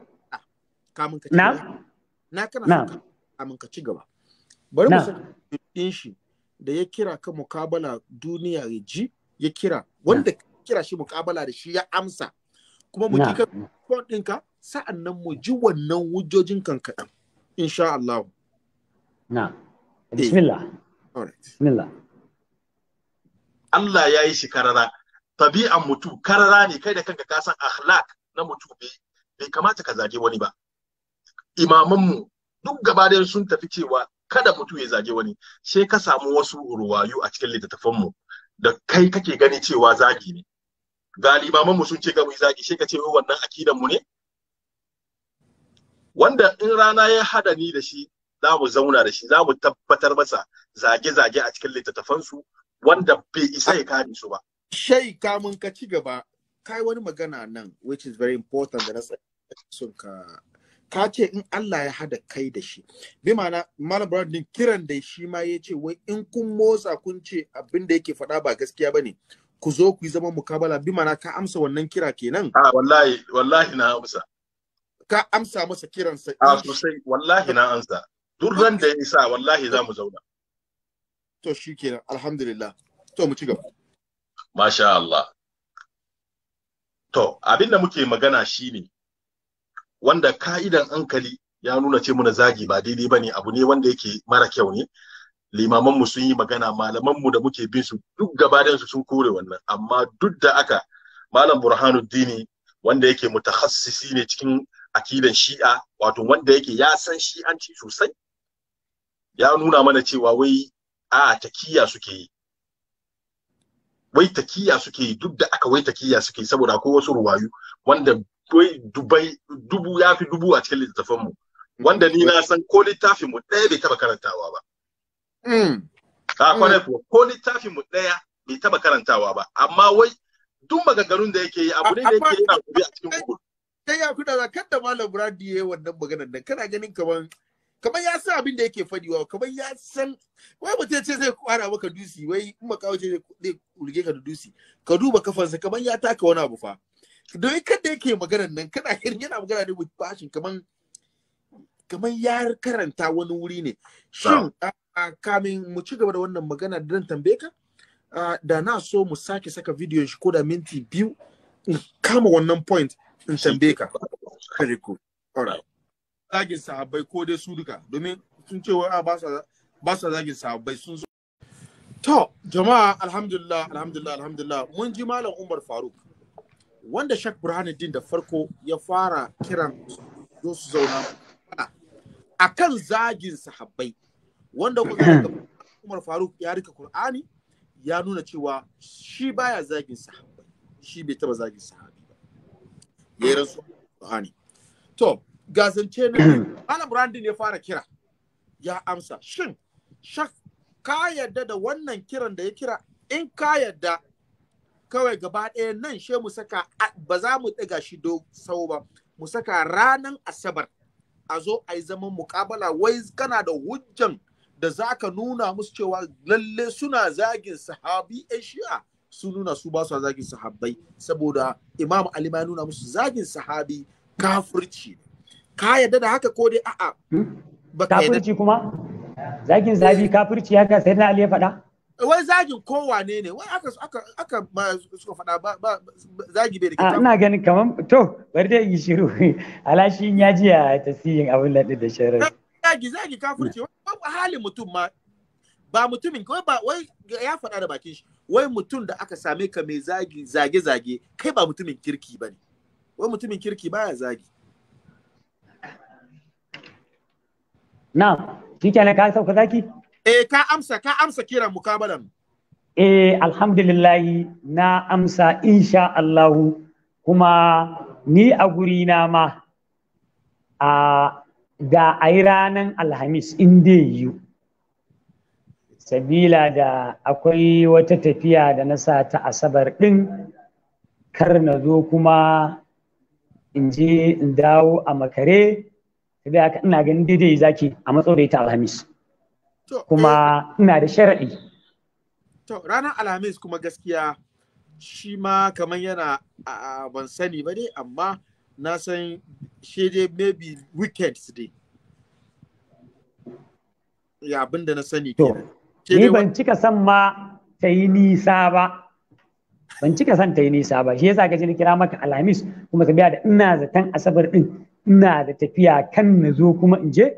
kamun ka na na kana kamun ka ci gaba bari mu san din shi da ya kira ka mukabala duniya ya ji ya kira wanda kira shi mukabala da shi ya amsa kuma mu kika kon ɗinka sa'an nan mu ji wannan wujojin kan kaɗan insha Allah na eh. bismillah alright bismillah Allah ya yi shi karara tabi'an mutu karara ne kai da kanka ka san akhlaq na mutu bai kamata ka zage wani ba imamanmu duk gaba ɗaya sun tafi cewa kada mutu ya zage wani sai ka samu wasu ruwayu a cikin littattafanmu da kai kake gani cewa zagi ne ga limamanmu sun ce gamu zagi sai ka ce wannan akidan mu ne wanda in rana ya hada ni da shi za mu zauna da shi za mu tabbatar masa zage-zage a cikin littattafansu wanda bai isa ya kare su ba shai kamun ka ci gaba kai wani magana nan which is very important da na sun ka ka ce in Allah ya hada kai da shi bi ma'ana malam Bradley kiran da shi ma ya ce wai in kun motsa kun ce abin da yake faɗa ba gaskiya bane ku zo ku yi zaman mukabala bi ma'ana ka amsa wannan kira kenan a ah, wallahi wallahi na amsa ka amsa masa kiransa a ah, sosai wallahi na amsa duk ran da ya isa wallahi za mu zauna to shi kenan alhamdulillah to mu ci gaba masha Allah to abin da muke magana shine wanda ka'idan hankali ya nuna ce muna zagi ba daidai bane abu ne wanda yake mara kyau ne limamanmu sun yi magana malamanmu da muke bin su duk gabadansu sun kore wannan amma duk da aka malam burhanuddini wanda yake mutakhassisi ne cikin akidan shi'a wato wanda yake ya san shi'anci sosai ya nuna mana cewa wai a takiya suke yi wai takiya suke yi duk da aka wai takiya suke yi saboda akwai wasu ruwayu wanda dubai dubu ya fi dubu a cikin littattafan mu wanda ni na san ko littafin mu ɗaya bai taba karantawa ba mm. a kwarai mm. kuwa ko littafin mu ɗaya bai taba karantawa ba amma wai duk magagarun da yake yi abu ne da yake yana gobe a cikin google Kai ya kuɗa za kan da malam Brady ya yi wannan maganar da kana ganin kaman kamar ya san abin da yake wa kamar ya san wai mutum ce zai kwara maka dusi wai in makawo ce zai rige ka da dusi ka duba kafansa kamar ya taka wani abu fa don kada yake maganar nan kana irin yana magana ne with passion kamar ya karanta wani wuri ne shin kamin mu ci gaba da wannan magana da tambaye ka da na so mu sake saka bidiyon shi ko da minti biyu in kama wannan point in tambaye ka. Very good. All right. zagin sahabbai ko dai su duka domin sun ce wai ah, ba sa zagin sahabbai sun zo to jama'a alhamdulillah alhamdulillah alhamdulillah mun ji malam Umar Faruk wanda Sheikh Burhanuddin da farko ya fara kiran zo su zauna a kan zagin sahabbai wanda Umar Faruk ya rika Kur'ani ya nuna cewa shi baya zagin sahabbai shi bai taba zagin sahabbai ba ya yi to ga zance na ana brandin ya fara kira ya amsa shin shak ka yadda da wannan kiran da ya kira in ka yadda kawai gaba ɗaya nan she mu saka ba za mu ɗaga shi do sau ba mu saka ranan asabar a zo a yi zaman mukabala wai kana da hujjan da za ka nuna musu cewa lalle suna zagin sahabi yan shi'a su nuna su ba su zagin sahabbai saboda imam ali ma nuna musu zagin sahabi kafirci ne ka yadda da haka ko dai a'a hmm? kafirci kuma zagin zabi eh. kafirci haka sai na Ali ya faɗa wai zagin kowane ne wai aka aka aka suka faɗa ba zagi bai da kitabu ah, ina ganin kaman to bari dai yi shiru alashi ya ji a tasirin abin da da sharar zagi zagi kafirci wai halin mutum ma ba mutumin kai ba wai ya faɗa da bakin shi wai mutum da aka same ka mai zagi zage zage kai ba mutumin kirki bane wai mutumin kirki baya zagi na shi kenan ka sauka zaki eh ka amsa ka amsa kiran mukabalan eh alhamdulillahi na amsa insha Allahu kuma ni a guri na ma a da a yi ranar alhamis in dai yiwu sabila da akwai wata tafiya da na sa ta asabar ɗin kar na zo kuma in je in dawo a makare da haka ina ganin daidai zaki a matsayin ta alhamis eh, kuma ina da sharaɗi to ranar alhamis kuma gaskiya shi ma kamar yana ban sani ba dai amma na san shi dai maybe weekends dai ya abin da na sani to ni ban cika san ma ta yi nisa ba ban cika san ta yi nisa ba shi yasa ka ji na kira maka alhamis kuma ka biya da ina zaton asabar din ina da tafiya kan na zo kuma in je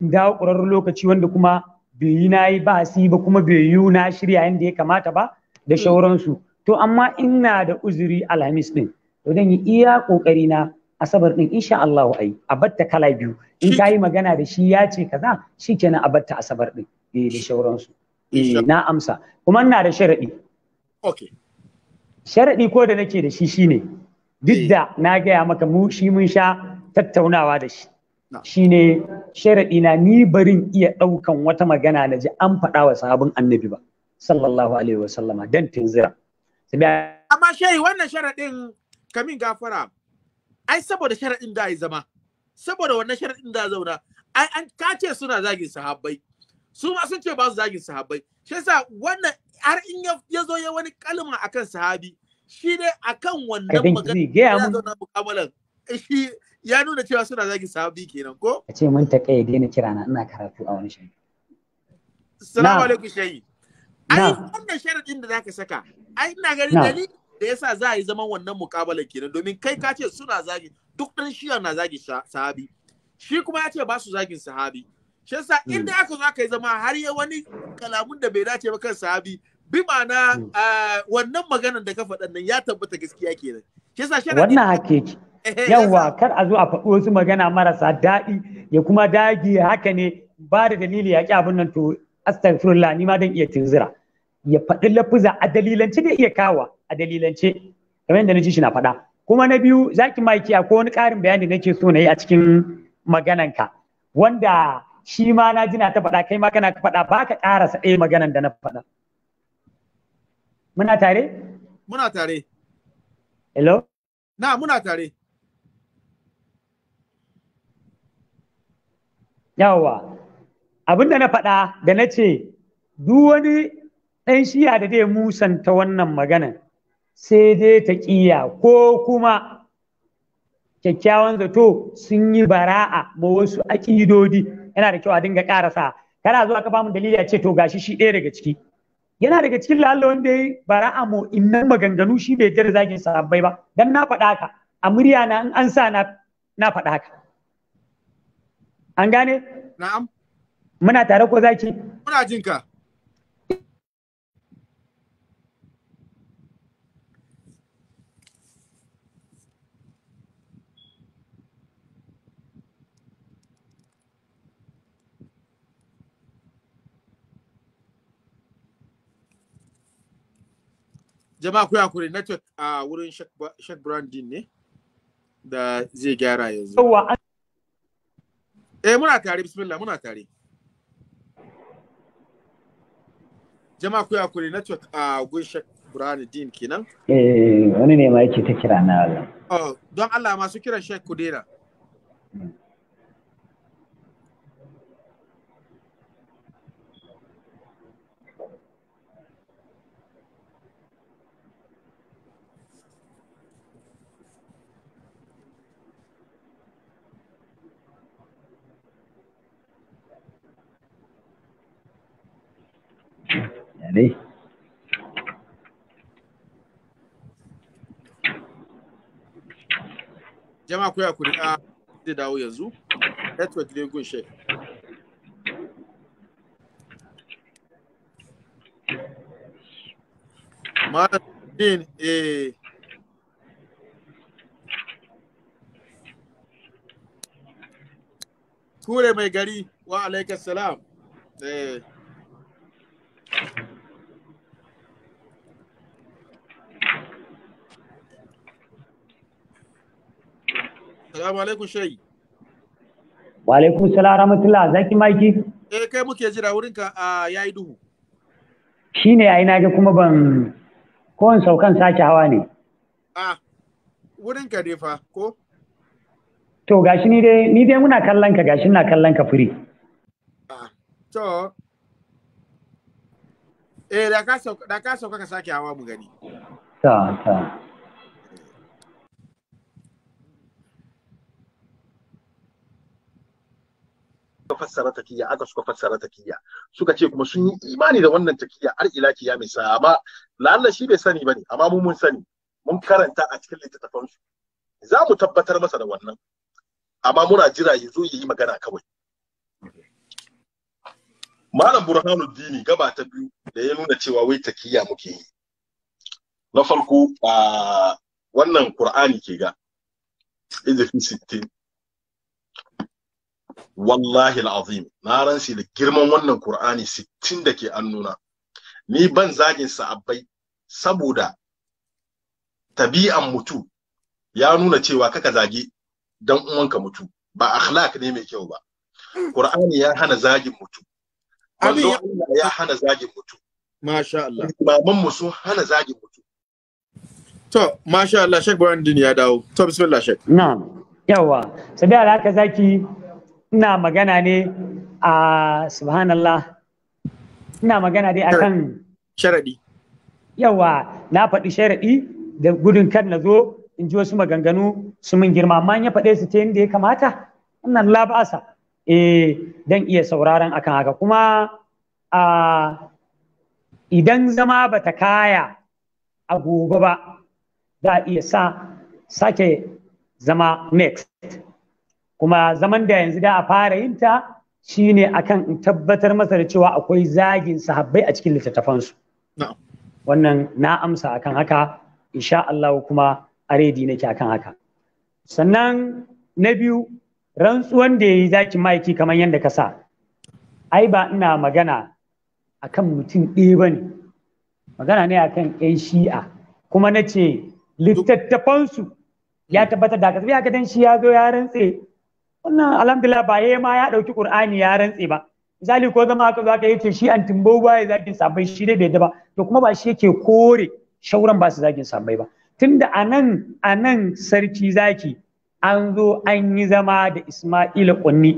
in dawo ƙwararren lokaci wanda kuma bai yi na yi ba si ba kuma bai yi na shirya yadda ya kamata ba da shauransu to amma ina da uzuri alhamis din to zan yi iya ƙoƙari na asabar din insha Allah ai a batta kala biyu in ka yi magana da shi ya ce kaza shikenan a batta asabar din eh, da shauransu eh, na amsa kuma ina da sharaɗi sharaɗi ko da nake da shi shine duk eh. da na gaya maka mu shi mun sha tattaunawa da shi shine sharaɗi na ni barin iya ɗaukan wata magana na ji an faɗa wa sahabin annabi ba sallallahu alaihi wa sallama dan tunzira amma shehi wannan sharaɗin kamin gafara ai saboda sharaɗin da ai zama saboda wannan sharaɗin da zauna ai an kace suna zagin sahabbai su ma sun ce ba su zagin sahabbai shi yasa wannan har in ya zo ya wani kalma akan sahabi shi dai akan wannan magana ya zauna mukamalan eh, shi ya nuna cewa suna zagin sahabi kenan ko? A ce mun taƙa ya daina kira na ina karatu a wani shayi. Salamu alaikum shayi. Ai wannan sharadin da zaka saka, ai ina gari dali da yasa za a yi zaman wannan muƙabalar kenan domin kai ka ce suna zagi duk ɗan shiya na zagi sahabi. Shi kuma ya ce ba su zagin sahabi. Shi yasa hmm. inda aka zo aka yi zama har ya wani kalamun da bai dace ba kan sahabi bi ma'ana hmm. ah, wannan maganar da ka faɗa nan ya tabbata gaskiya kenan. Shi yasa sharadin. Wannan hakiki. Eh, Yawwa kar a zo a faɗi wasu magana marasa daɗi ya kuma dagi haka ne ba da dalili ya ƙi abin nan to astagfirullah ni ma dan iya tunzira ya faɗi lafuza a dalilance da iya kawa a dalilance kamar yadda na ji shi na faɗa kuma na biyu zaki maiki akwai wani ƙarin bayani nake so na yi a cikin magananka wanda shi ma na ji na ta faɗa kai ma kana ka faɗa ba ka ƙarasa ɗaya maganan da na faɗa muna tare muna tare hello na muna tare yawa abin da na faɗa da na ce duk wani ɗan shiya da zai musanta wannan magana sai dai ta ƙiya ko kuma kyakkyawan zato sun yi bara'a ma wasu aƙidodi yana da kyau a dinga ƙarasa kana zuwa ka bamu dalili a ce to gashi shi ɗaya daga ciki yana daga cikin lalle wanda ya bara'a mu innan maganganu shi bai jar zagin sahabbai ba dan na faɗa ka a murya na an sa na faɗa ka An gane? Na'am. Muna tare ko zaki? Muna jin ka. Jama'a ku hakuri network a ah, wurin sheikh Brandin ne da zai gyara yanzu. Eh muna tare bismillah muna tare. Jama'a ku yakuri network a Gunshek Burhanuddin kenan. Eh wani ne ma yake ta kira na Allah. Oh don Allah masu kiran Sheikh Kudera. Mm. jama'a ku ya kuri a zai dawo yanzu network dai gun shek Martin A. Eh. kure mai gari wa alaikas salam eh Salamu alaikum shayi. Wa alaikum salam rahmatullah zaki maiki. Eh kai muke jira wurinka a yayi duhu. Shi Shine yayi naga kuma ban ko saukan sake hawa ne. Ah wurinka dai fa ko? To gashi ni dai ni dai muna kallon ka gashi na kallon ka fure. Ah To eh da ka sauka da ka sauka ka sake hawa mu gani. Ta ta. suka fassara takiyya aka suka fassara takiyya suka ce kuma sun yi imani da wannan takiya har ila mai sa amma lalla shi bai sani bane amma mu mun sani mun karanta a cikin littattafan su za mu tabbatar masa da wannan amma muna jira ya zo ya yi magana kawai Malam burhanu dini gaba ta biyu da ya nuna cewa wai takiya muke yi. Na farko a wannan Qur'ani ke ga. Izifi wallahi al'azim na ran shi da girman wannan Qur'ani 60 da ke annuna ni ban zagin sa'abbai saboda tabi'an mutu ya nuna cewa kaka zage dan uwanka mutu ba akhlaq ne mai kyau ba Qur'ani ya hana zagin mutu Allah ya hana zagin mutu Masha Allah baban mu sun hana zagin mutu To masha Allah shek Brandon ya dawo to bismillah shek Na'am yawa sabi alaka zaki ina magana ne a subhanallah ina magana a akan sharaɗi yawa na faɗi sharaɗi da gudun kan na zo in ji wasu maganganu su min girma amma ya faɗe su ta yadda ya kamata wannan labasa eh dan iya sauraron akan haka kuma a idan zama bata kaya a gobe ba za a iya sa sake zama next kuma zaman da yanzu da a fara yin ta shine akan in tabbatar masa da cewa akwai zagin sahabbai a cikin littattafansu wannan na amsa akan haka insha Allah kuma aredi nake akan haka sannan na biyu rantsuwan da ya yi zakin ma'aiki kamar yadda ka sa ai ba ina magana akan mutum ɗaya ba ne magana ne akan 'yan shi'a kuma na ce littattafansu ya tabbatar da haka sai haka dan shi ya zo ya rantse wannan alhamdulillah ba yayi ma ya dauki qur'ani ya rantse ba misali ko zama aka zaka ce shi an ba ya zaki sabai shi dai bai da ba to kuma ba shi yake kore shauran ba su zaki sabai ba tunda anan anan sarki zaki an zo an yi zama da Ismaila kunni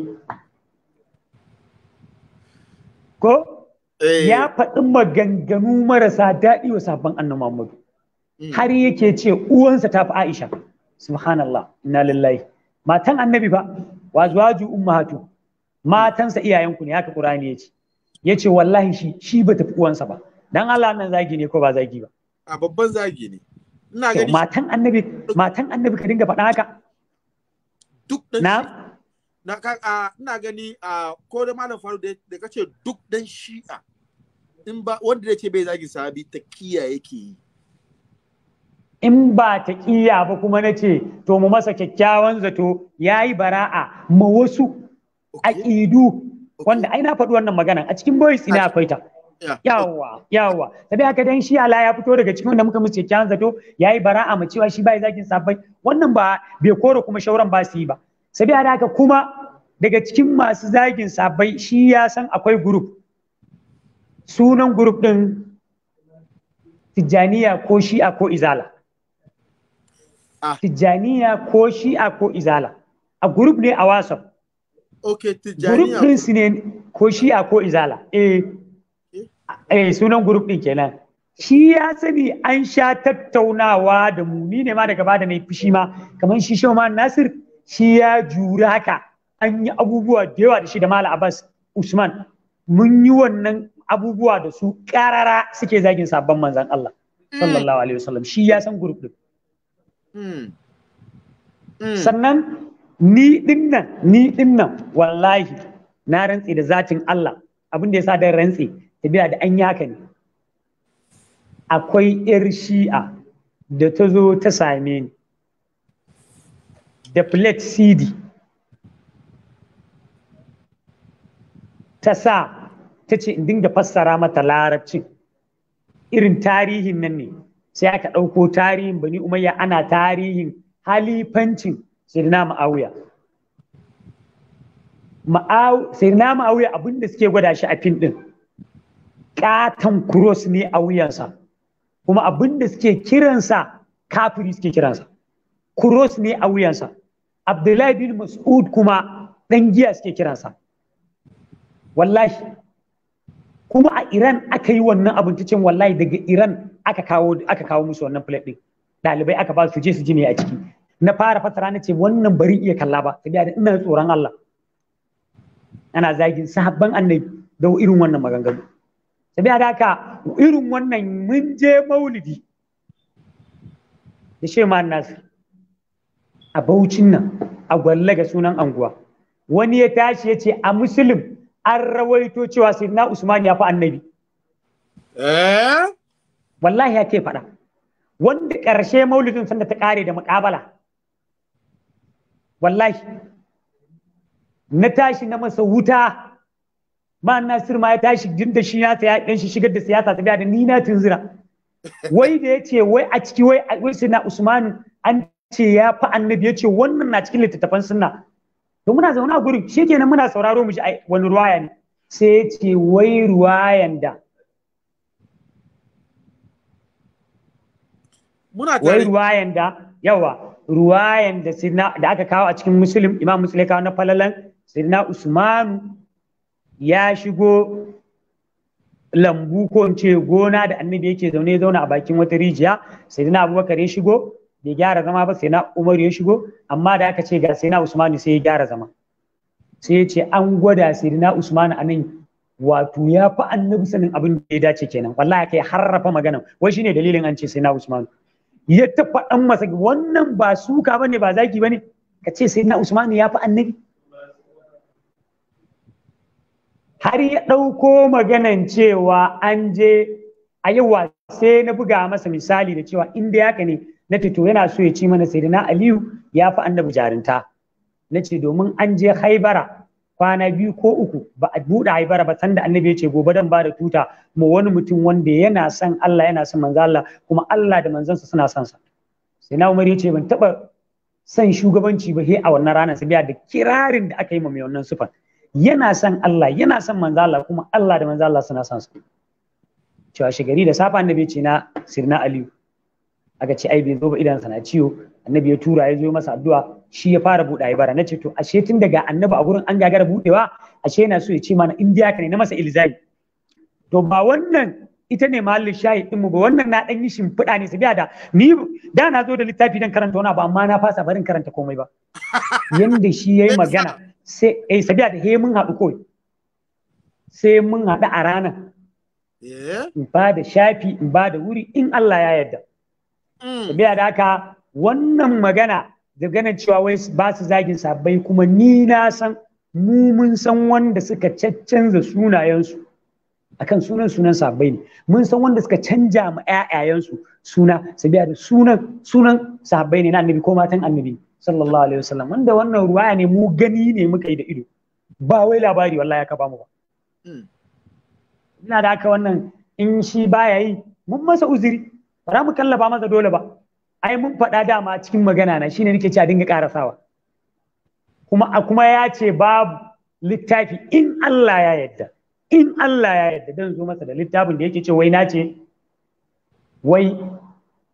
ko eh. ya faɗi maganganu marasa daɗi wa sabon annabi Muhammadu hmm. har yake ce uwansa ta fi Aisha subhanallah inna lillahi matan annabi ba wa zuwaju ummahatu matansa iyayenku ne haka qur'ani yace yace wallahi shi shi ba tafi uwansa ba dan Allah nan zagi ne ko ba zagi ba a babban zagi ne ina gani matan annabi matan annabi ka dinga faɗa haka duk na na a ina gani a ko da malam faru da kace duk dan shi'a in ba wanda yace bai zagi sahabi ta kiyaye yake yi in ba ta ƙiya ba kuma na ce to mu masa kyakkyawan zato ya yi bara'a ma wasu aƙidu wanda ai na faɗi wannan magana a cikin boys ina akwai ta yawa yawa tabi haka dan shi ala ya fito daga cikin wanda muka musu kyakkyawan zato ya yi bara'a ma cewa shi bai zakin sabai wannan ba bai kore kuma shauran ba su yi ba sabi haka kuma daga cikin masu zagin sabai shi ya san akwai group sunan group din tijjaniya ko shi'a ko izala Ah. tijjaniya ko shi'a ko izala a group ne a whatsapp okay tijjaniya group su ne ko shi'a ko izala eh eh sunan group ke kenan shi ya sani an sha tattaunawa da mu ni ne ma daga da mai fushi ma kamar shi shi nasir shi ya jura haka an yi abubuwa da yawa da shi da mala abbas usman mun yi wannan abubuwa da su karara suke zagin sabon manzan allah eh. sallallahu alaihi wasallam shi ya san group din Hmm. Hmm. sannan ni dinnan ni dinnan wallahi na rantse da zatin Allah abin da yasa dan rantse biya da an yaka ne akwai yar shi'a da ta zo ta same ni da plate cd ta sa ta ce in dinga fassara mata larabcin irin tarihin nan ne sai aka ɗauko tarihin bani umayya ana tarihin halifancin sirna ma'auya. sirna ma'auya abinda suke gwada shi a fin ɗin ƙaton kuros ne a wuyansa kuma abinda suke kiransa kafiri suke kiransa kuros ne a wuyansa abdullahi bin mas'ud kuma ɗan giya suke kiransa wallahi kuma a iran aka yi wannan abincin wallahi daga iran aka kawo aka kawo musu wannan plate din ɗalibai aka ba su je su ji me a ciki na fara fasara na ce wannan bari iya kalla ba saboda ina tsoron Allah ana zagin sahabban annabi da irin wannan maganganu saboda haka irin wannan mun je maulidi da ma nasir a baucin nan a gwallaga sunan anguwa wani ya tashi ya ce a musulun an rawaito cewa sayyidina usman ya fi annabi eh wallahi ya ce faɗa wanda ƙarshe maulidin sanda ta ƙare da muƙabala wallahi na tashi na masa wuta ma Nasir ma ya tashi din da shi ya saya dan shi shigar da siyasa ta da ni na tunzira wai da ya ce wai a ciki wai wai na Usman an ce ya fa annabi ya ce wannan na cikin littattafan sunna to muna zaune a gurin shi kenan muna sauraro mu ji wani ruwaya ne sai ya ce wai ruwayan da muna tare da yawa ruwayan da aka kawo a cikin muslim imam muslim na falalan sirna usmanu ya shigo lambu ko gona da annabi yake zaune ya zauna a bakin wata rijiya sai abubakar ya shigo bai gyara zama ba sai na umar ya shigo amma da aka ce ga sai na usmanu sai ya gyara zama sai ya ce an gwada sai na usmanu a nan wato ya fi annabi sanin abin da ya dace kenan wallahi kai harrafa maganan wai shine dalilin an ce sai na usmanu ya ta faɗan masa wannan ba suka bane ba zaki bane ka ce sai na Usman ya fi annabi har ya ɗauko maganan cewa an je a yi sai na buga masa misali da cewa inda yaka ne na to yana so ya ci mana sai na Aliyu ya fi annabi jarinta na ce domin an je haibara kwana biyu ko uku ba a buɗe haibara ba sanda annabi ya ce gobe dan ba da tuta ma wani mutum wanda yana son Allah yana son manzo Allah kuma Allah da manzansa suna son sa sai na Umar ya ce ban taba son shugabanci ba he a wannan ranar sabiya da kirarin da aka yi ma wannan sufan yana son Allah yana son manzo Allah kuma Allah da manzo Allah suna son sa cewa shigari da safa annabi ce na sirna Aliyu aka ce ai bai zo ba idan na ciwo annabi ya tura ya zo masa addu'a shi ya fara buɗa ibara na ce to ashe tun daga annabi a gurin an gagara buɗewa ashe yana so ya ce mana indiya ka ne na masa ilzami to ba wannan ita ne mahallin shahid mu ba wannan na dan yi shimfiɗa ne su da ni da na zo da littafi dan karanta wani abu amma na fasa barin karanta komai ba yanda shi yayi magana sai eh sabiya da he mun haɗu kawai sai mun haɗu a ranar eh? in ba da shafi in ba da wuri in Allah ya yarda Mm. Biya da haka wannan magana da ganin cewa wai ba su zagin sabbai kuma ni na san mu mun san wanda suka caccanza sunayensu akan sunan sunan sabbai ne mun san wanda suka canja ma ƴaƴayensu suna sabiya da sunan sunan sabbai ne na annabi ko matan annabi sallallahu alaihi wasallam wanda wannan ruwaya ne mu gani ne muka yi da ido ba wai labari wallahi ka bamu ba mm. ina da haka wannan in shi baya yi mun masa uzuri ba za mu kallaba masa dole ba ai mun faɗa dama cikin magana na shine nake cewa dinga karasawa kuma kuma ya ce babu littafi in Allah ya yadda in Allah ya yadda dan zo masa da littafin da yake ce wai na ce wai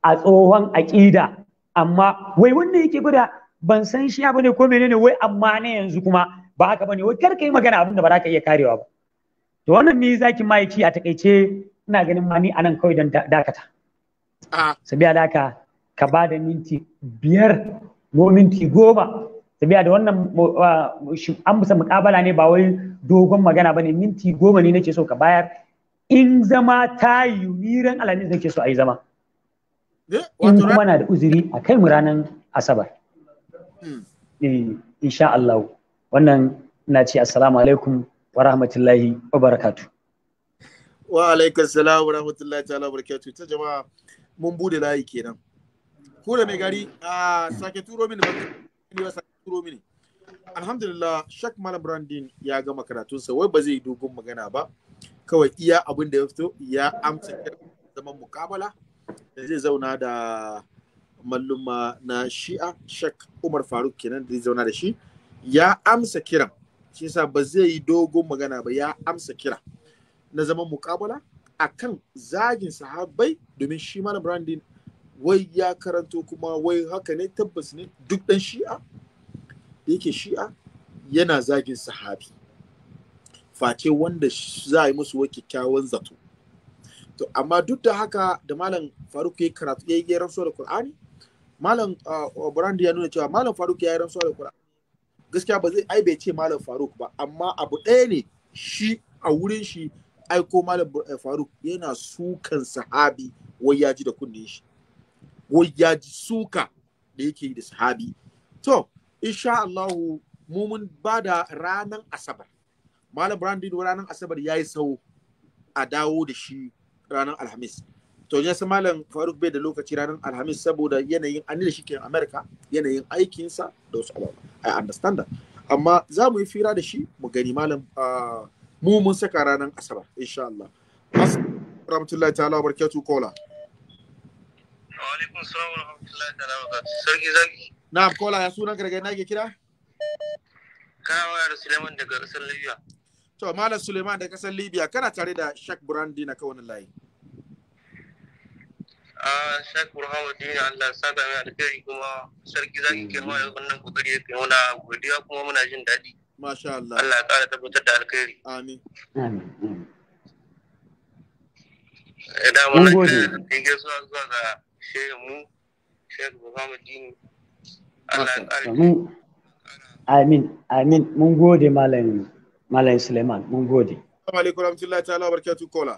a tsohon aƙida amma wai wannan yake gwada ban san shi bane ko menene wai amma ne yanzu kuma ba haka bane wai kar ka yi magana abin da ba za ka iya karewa ba to wannan ni zaki ma yaki a takaice ina ganin ma ni anan kawai dan dakata sabi da ka ka ba da minti biyar ko minti goma sabi da wannan an musa mukabala ne ba wai dogon magana ba ne minti goma ne nake so ka bayar in zama ta yi miran alamin nake so a yi zama eh, in kuma na da uzuri a kai mu ranar asabar hmm. eh, insha Allah wannan na ce assalamu alaikum wa rahmatullahi wa barakatu wa alaikum salam wa rahmatullahi ta wa barakatu ta jama'a mun bude layi kenan kula mai gari a sake turo mini ba sake turo mini alhamdulillah shak malam brandin ya gama sa, wai ba zai dogon magana ba kawai iya abin da ya fito ya amsa zaman mukabala da zai zauna da malluma na shi'a shak umar faruk kenan da zai zauna da shi ya amsa kiran shi yasa ba zai yi dogon magana ba ya amsa kira na zaman mukabala akan zagin sahabai domin shi mana brandin wai ya karanto kuma wai haka ne tabbas ne duk dan shi'a yake shi'a yana zagin sahabi face wanda za a yi musu wa kyakkyawan zato to amma duk da haka da malam faruk ya karatu ya yi rantsuwa da kur'ani malam ah, ah, brandi ya nuna cewa malam faruk ya yi rantsuwa da kur'ani gaskiya ba zai ai bai ce malam faruk ba amma abu ɗaya ne shi a wurin shi aiko malam eh, faruk yana sukan sahabi wai ya da kunnen shi wai ya ji suka da yake da sahabi to insha Allahu mu mun ba da ranar asabar malam brandon ranar asabar ya yi sau a dawo da shi ranar alhamis to ya san malam faruk bai da lokaci ranar alhamis saboda yanayin anil da shi ke america yanayin aikinsa da wasu alama i understand that amma za mu yi fira da shi mu gani malam ah, mu mun saka ranar asabar insha Allah rahmatullahi ta'ala wa barakatuh kola alaikum salam wa rahmatullahi ta'ala wa barakatuh sarki zaki na'am kola ya sunan ka na ina ke kira kana waya Suleiman daga ƙasar Libya to malam Suleiman daga ƙasar Libya kana tare da Shak Burandi na kawunan layi Shek Burhanuddin Allah sa saka mai alkhairi kuma sarki zaki kai da wannan kokari ya kai muna godiya kuma muna jin daɗi. Masha Allah. Allah ya ƙara tabbatar da alkhairi. Amin. Eh, zuwa ga mu, Sheikh Muhammad Dini. Allah ya ƙara. Amin. Amin. Mun gode Malam Malam Suleiman. Mun gode. Assalamu alaikum warahmatullahi ta'ala barakatuh kola.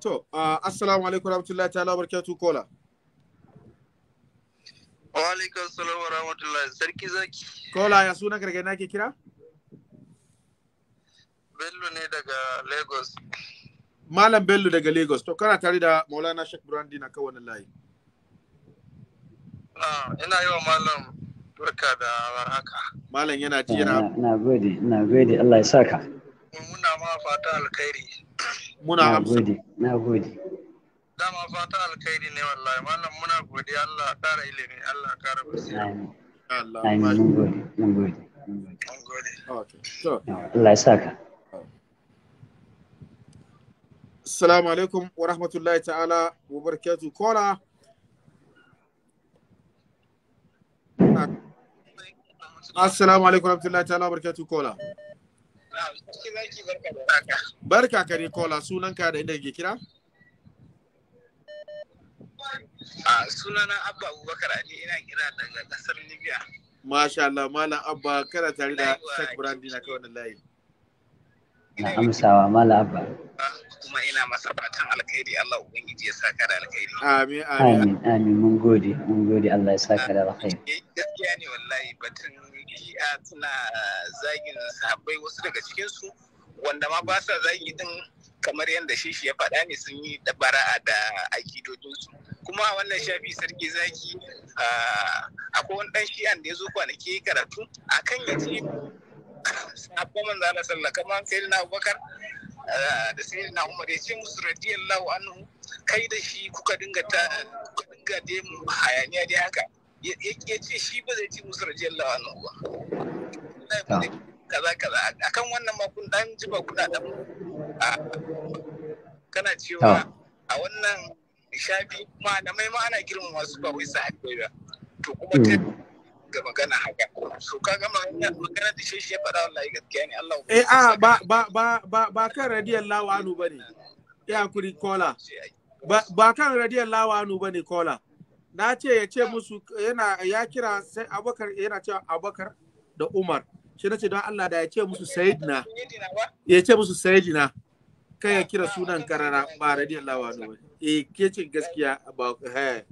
To, uh, assalamu alaikum ta'ala barakatuh kola. Wa alaikum salam wa rahmatullahi sarki zaki. Kola ya suna karge na ke kira? Bello ne daga Lagos. Malam Bello daga Lagos. To kana tare da Maulana Sheikh Brandi na kawo wani layi. Ah, ina yi wa malam barka da warhaka. Malam yana ji yana. Na gode, na gode, Allah ya saka. Muna ma fata alkhairi. Muna amsa. Na gode, na gode. dama fata alkhairi ne wallahi malam muna godiya Allah kara ilimi Allah kara basira Allah mun gode mun gode mun Assalamu alaikum wa rahmatullahi ta'ala wa barakatuh kola Assalamu alaikum rahmatullahi ta'ala wa barakatuh kola Barka kare kola sunanka da inda kike kira? A sunana Abba Abubakar Ali ina kira daga kasar Libya. Masha Allah, Malam Abba kana tare da Sheikh Brandi na kawai layi. Na amsawa Malam Abba. Kuma ina masa fatan alkhairi Allah Ubangiji ya saka da alkhairi. Amin, amin. Amin, amin, mun gode, mun gode Allah ya saka da alkhairi. Eh, gaskiya ne wallahi batun shi'a suna zagin sahabbai wasu daga cikinsu wanda ma ba sa zagi din kamar yadda shi shi ya faɗa ne sun yi dabara da akidojinsu. kuma a wannan shafi sarki zaki akwai wani dan shi'an da ya zo kwanaki karatu akan ya ce sabon manzala sallah kamar sai na abubakar da sai na umar ya ce musu radiyallahu anhu kai da shi kuka dinga ta kuka dinga da hayaniya dai haka ya ce shi ba zai ce musu radiyallahu anhu ba kaza kaza kan wannan makon dan jiba kuna dan kana cewa a wannan nishaɗi mai ma ana girmama masu ba wai haɗe ba to kuma ta hmm. ga magana haka so ka kaga magana da shi ya faɗa wallahi gaskiya ne Allah eh a ah, ba ba ba ba ba kan radiyallahu anhu bane ya kuri kola ba ba kan radiyallahu anhu bane kola na ce ya ce musu yana ya kira sai abakar yana cewa abakar da umar shi na ce don Allah da ya ce musu sayidina ya ce musu sayidina kai ya kira sunan karara ba radiyallahu anhu eh ke ce gaskiya ba ha eh,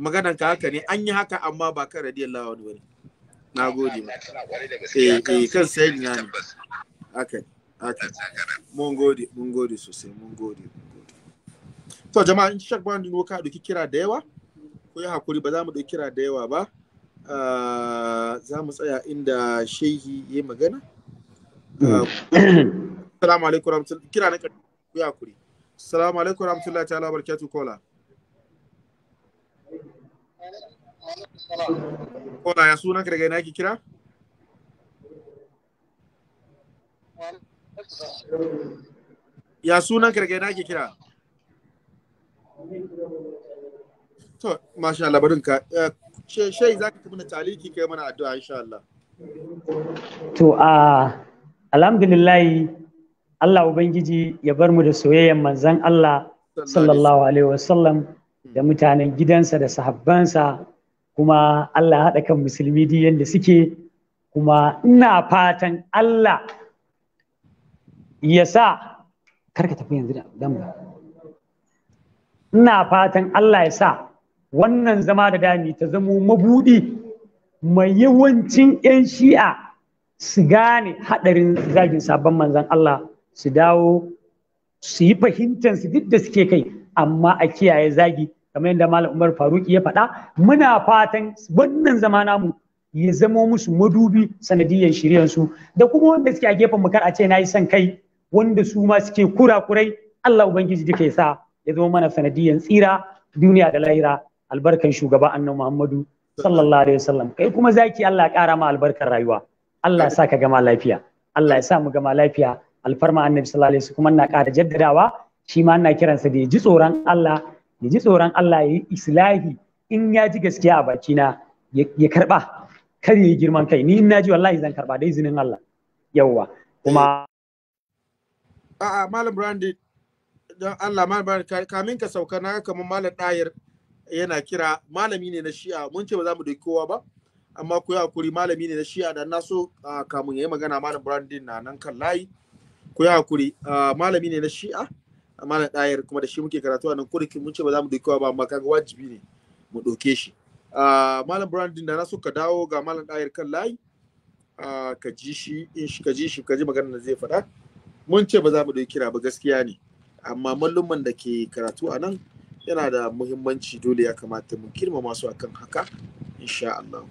maganan ka haka ne an yi haka amma ba kan radiyallahu anhu bane na gode ma eh eh kan sai na ne haka haka mun gode mun gode sosai mun gode to jama'a in shak ba ni ka duki kira da yawa ko ya hakuri ba za mu duki kira da yawa ba ah, za mu tsaya inda shehi ya magana ah, hmm. Assalamu alaikum warahmatullahi kira ne, kare ku ya kuri. Assalamu alaikum rahmatullahi ta'ala barakatuh kola. Kola ya sunan ka ga ina kira? Ya sunan ka ga ina kira? To, masha Allah barin ka. Eh, Shai za ka tafi na taliki kai mana addu'a insha Allah. To, ah, alhamdulillah Allah Ubangiji ya bar mu da soyayyen manzan Allah sallallahu alaihi wasallam da mutanen gidansa da sahabbansa kuma Allah ya haɗa kan musulmi duk yadda suke kuma ina fatan Allah ya sa karka tafi yanzu da damba ina fatan Allah ya sa wannan zama da dami ta zamo mabudi mai yawancin 'yan shi'a su gane haɗarin zagin sabon manzan Allah su dawo su yi fahimtar su duk da suke kai amma a kiyaye zagi kamar yadda malam Umar Faruki ya faɗa muna fatan wannan zama namu ya zamo musu madubi sanadiyyar shiryan su da kuma wanda suke a gefen mu a ce yi son kai wanda su ma suke kura-kurai, Allah ubangiji duka ya sa ya zama mana sanadiyyar tsira duniya da lahira albarkan shugaba annabi Muhammadu sallallahu alaihi wasallam kai kuma zaki Allah ya kara ma albarkar rayuwa Allah ya sa ka gama lafiya Allah ya sa mu gama lafiya alfarma annabi sallallahu alaihi kuma ina ƙara jaddadawa shi ma ina kiransa da ya ji tsoron Allah ya ji tsoron Allah ya yi islahi in ya ji gaskiya a na ya karba kar ya yi girman kai ni in na ji wallahi zan karba da izinin Allah yawwa kuma a'a malam brandi don Allah malam brandi kamin ka sauka na kamar malam dayar yana kira malami ne na shi'a mun ce ba za mu doki kowa ba amma ku yi hakuri malami ne na shi'a da na so ah, kamun ya yi magana malam brandi na nan kan layi ku yi hakuri ah, malami ne na shi'a a malam ɗayar kuma da shi muke karatu a nan kurikin mun ce ba za mu dokewa ba amma kaga wajibi ne mu doke shi ah, malam brandon da na so ka dawo ga malam ɗayar kan layi ah, ka ji shi ka ji magana da zai faɗa mun ce ba za mu doki kira ba gaskiya ne amma malluman da ke karatu a nan yana da muhimmanci dole ya kamata mu girmama su akan haka insha Allah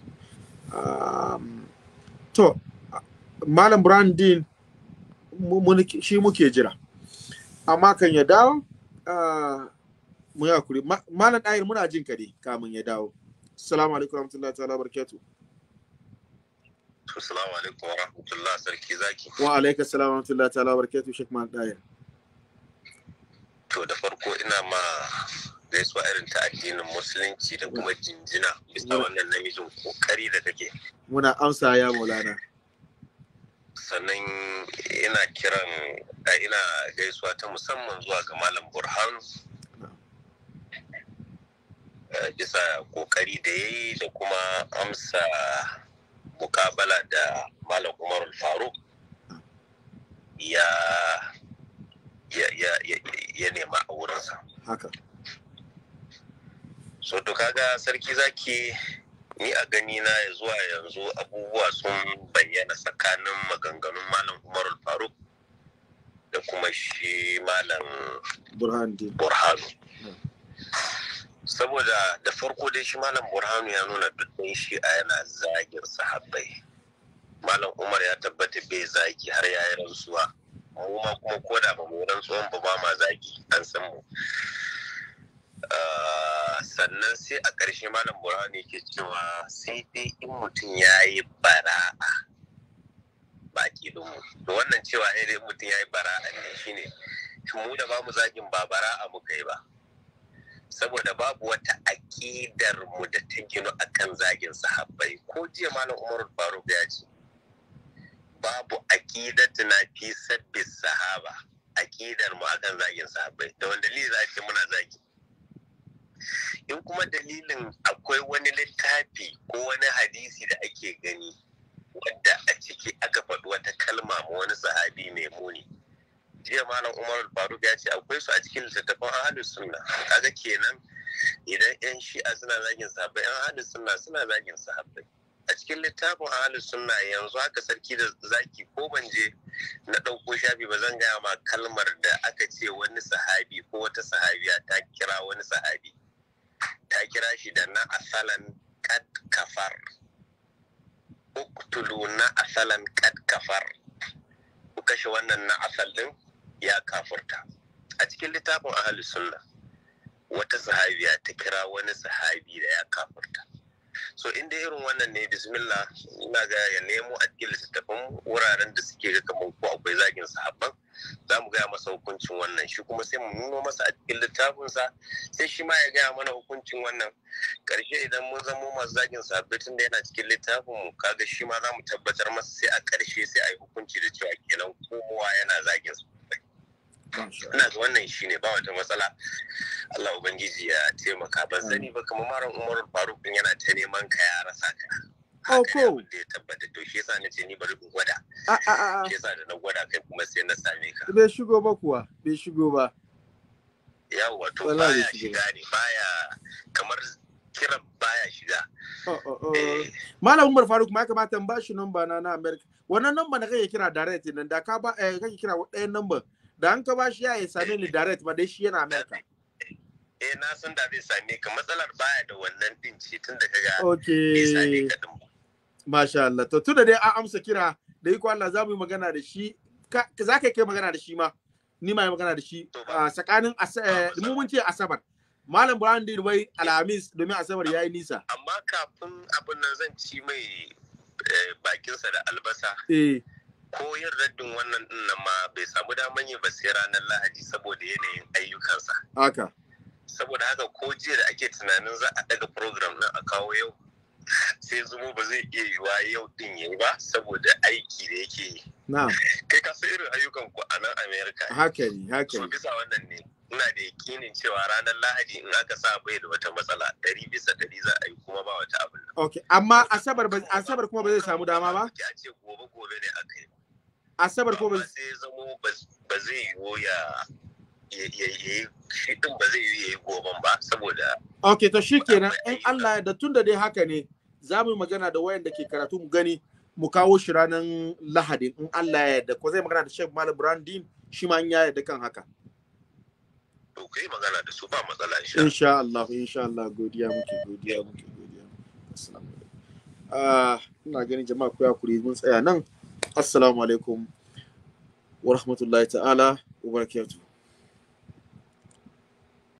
to malam brandin shi muke jira amma kan ya dawo mu ya kuri malam ɗayar muna jin ka ne kamun ya dawo Salamu alaikum rahmatullahi ta'ala barkatu assalamu alaikum sarki zaki wa alaikum salamu warahmatullahi ta'ala barkatu shek malam ɗayar to da farko ina ma gaisuwa irin ta addinin musulunci da kuma jinjina bisa wannan namijin kokari da kake muna amsa ya maulana sannan ina kiran ina gaisuwa ta musamman zuwa ga malam burhan bisa kokari da ya yi da kuma amsa mukabala da malam umar Faru, ya ya nema a wurinsa so to kaga sarki zaki ni a gani na ya zuwa yanzu abubuwa sun bayyana tsakanin maganganun malam umarul faruk da kuma shi malam burhanu saboda da farko dai shi malam burhanu ya nuna dukkan shi a yana zagin sahabbai malam umar ya tabbata bai zagi har ya yi rantsuwa mu kuma koda da ba mu rantsuwan ba ba ma zagi an san mu Ah, sannan sai a ƙarshe malam burhani ke cewa sai dai in mutum ya yi bara'a ba mu to wannan cewa sai dai mutum ya yi bara'a ne shine mu da ba mu zagin ba bara'a muka yi ba saboda babu wata aƙidar mu da ta a akan zagin sahabbai ko jiya malam umaru faruk ya ce babu aƙidar na fi sabbin sahaba aƙidar mu akan zagin sahabbai da wanda dalili za muna zagi in kuma dalilin akwai wani littafi ko wani hadisi da ake gani wadda a ciki aka faɗi wata kalma ma wani sahabi mai muni jiya malam umar faruk ya ce akwai su a cikin littattafan ahalus sunna kaga kenan idan yan shi'a suna zagin sahabbai yan ahalus sunna suna zagin sahabbai a cikin littafin ahalus sunna yanzu haka sarki da zaki ko ban je na ɗauko shafi ba zan gaya ma kalmar da aka ce wani sahabi ko wata sahabiya ta kira wani sahabi ta kira shi da na asalan kad kafar uktulu na asalan kad kafar ku kashe wannan na asalin ya kafurta a cikin littafin ahalus sunna wata sahabiya ta kira wani sahabi da ya kafurta so in dai irin wannan ne bismillah ina ga ya nemo adkin littattafan wuraren da suke ga kamar ko akwai zagin sahabban za mu gaya masa hukuncin wannan shi kuma sai mu nuno masa a cikin littafinsa sai shi ma ya gaya mana hukuncin wannan karshe idan mun zamo masu zagin sabbi tun da yana cikin littafin mu kaga shi ma za mu tabbatar masa sai a karshe sai a yi hukunci da cewa kenan kowa yana zagin sa ina ga wannan shi ne ba wata matsala Allah ubangiji ya taimaka ban sani ba kamar maran Umar Faruk din yana ta neman ka ya rasa ka haka ya oh, wanda ya tabbata to shi yasa ce ni bari in gwada shi yasa da na gwada kai kuma sai na same ka bai shigo ba kuwa bai shigo ba yawa to baya shiga ne baya kamar kiran baya shiga oh, oh, eh. malam Umar Faruk ma kamata in ba shi namba na na Amerika. wannan namba na kake kira direct ne da ka ba eh, kake kira ɗayan namba da an ka bashi ya same ni direct ba dai shi yana amerika eh na san da zai same ka matsalar baya da wannan din ce tun da kaga okay masha Allah to tunda dai an amsa kira da iko Allah za mu yi magana da shi za ka kai magana da shi ma ni ma yi magana da shi ah, tsakanin eh, mu mun ce asabar Malam Brown did dubai Alhamis domin Asabar ya yi nisa. Amma kafin abin nan zan ci mai eh, bakinsa da albasa. Eh. Koyar yin raddin wannan din nan ma bai samu daman yin basi ranar lahadi saboda yanayin ayyukansa haka saboda haka ko jiya da ake tunanin za a daga program na a kawo yau sai zumo ba zai iya yiwa yau din yi ba saboda aiki da yake yi kai ka san irin ayyukan ku a nan america haka ne haka ne bisa wannan ne ina da yakinin cewa ranar lahadi in aka sa bai da wata matsala ɗari bisa ɗari za a yi kuma ba wata abin ok amma asabar kuma ba zai samu dama ba a ce gobe gobe ne aka yi asabar ko ba zai zamo ba zai yiwu ya shi din ba zai yi goban ba saboda ok to shi kenan in Allah da tunda dai haka ne za mu magana da wayan da ke karatu mu gani mu kawo shi ranar lahadi in Allah ya yarda ko zai magana da Sheikh Malam Brandin shi ma ya yarda kan haka to kai magana da su ba matsala insha insha Allah insha Allah godiya muke godiya muke godiya assalamu alaikum ah ina ganin jama'a ku ya kuri mun tsaya nan assalamu alaikum wa rahmatullahi ta'ala wa barakatuh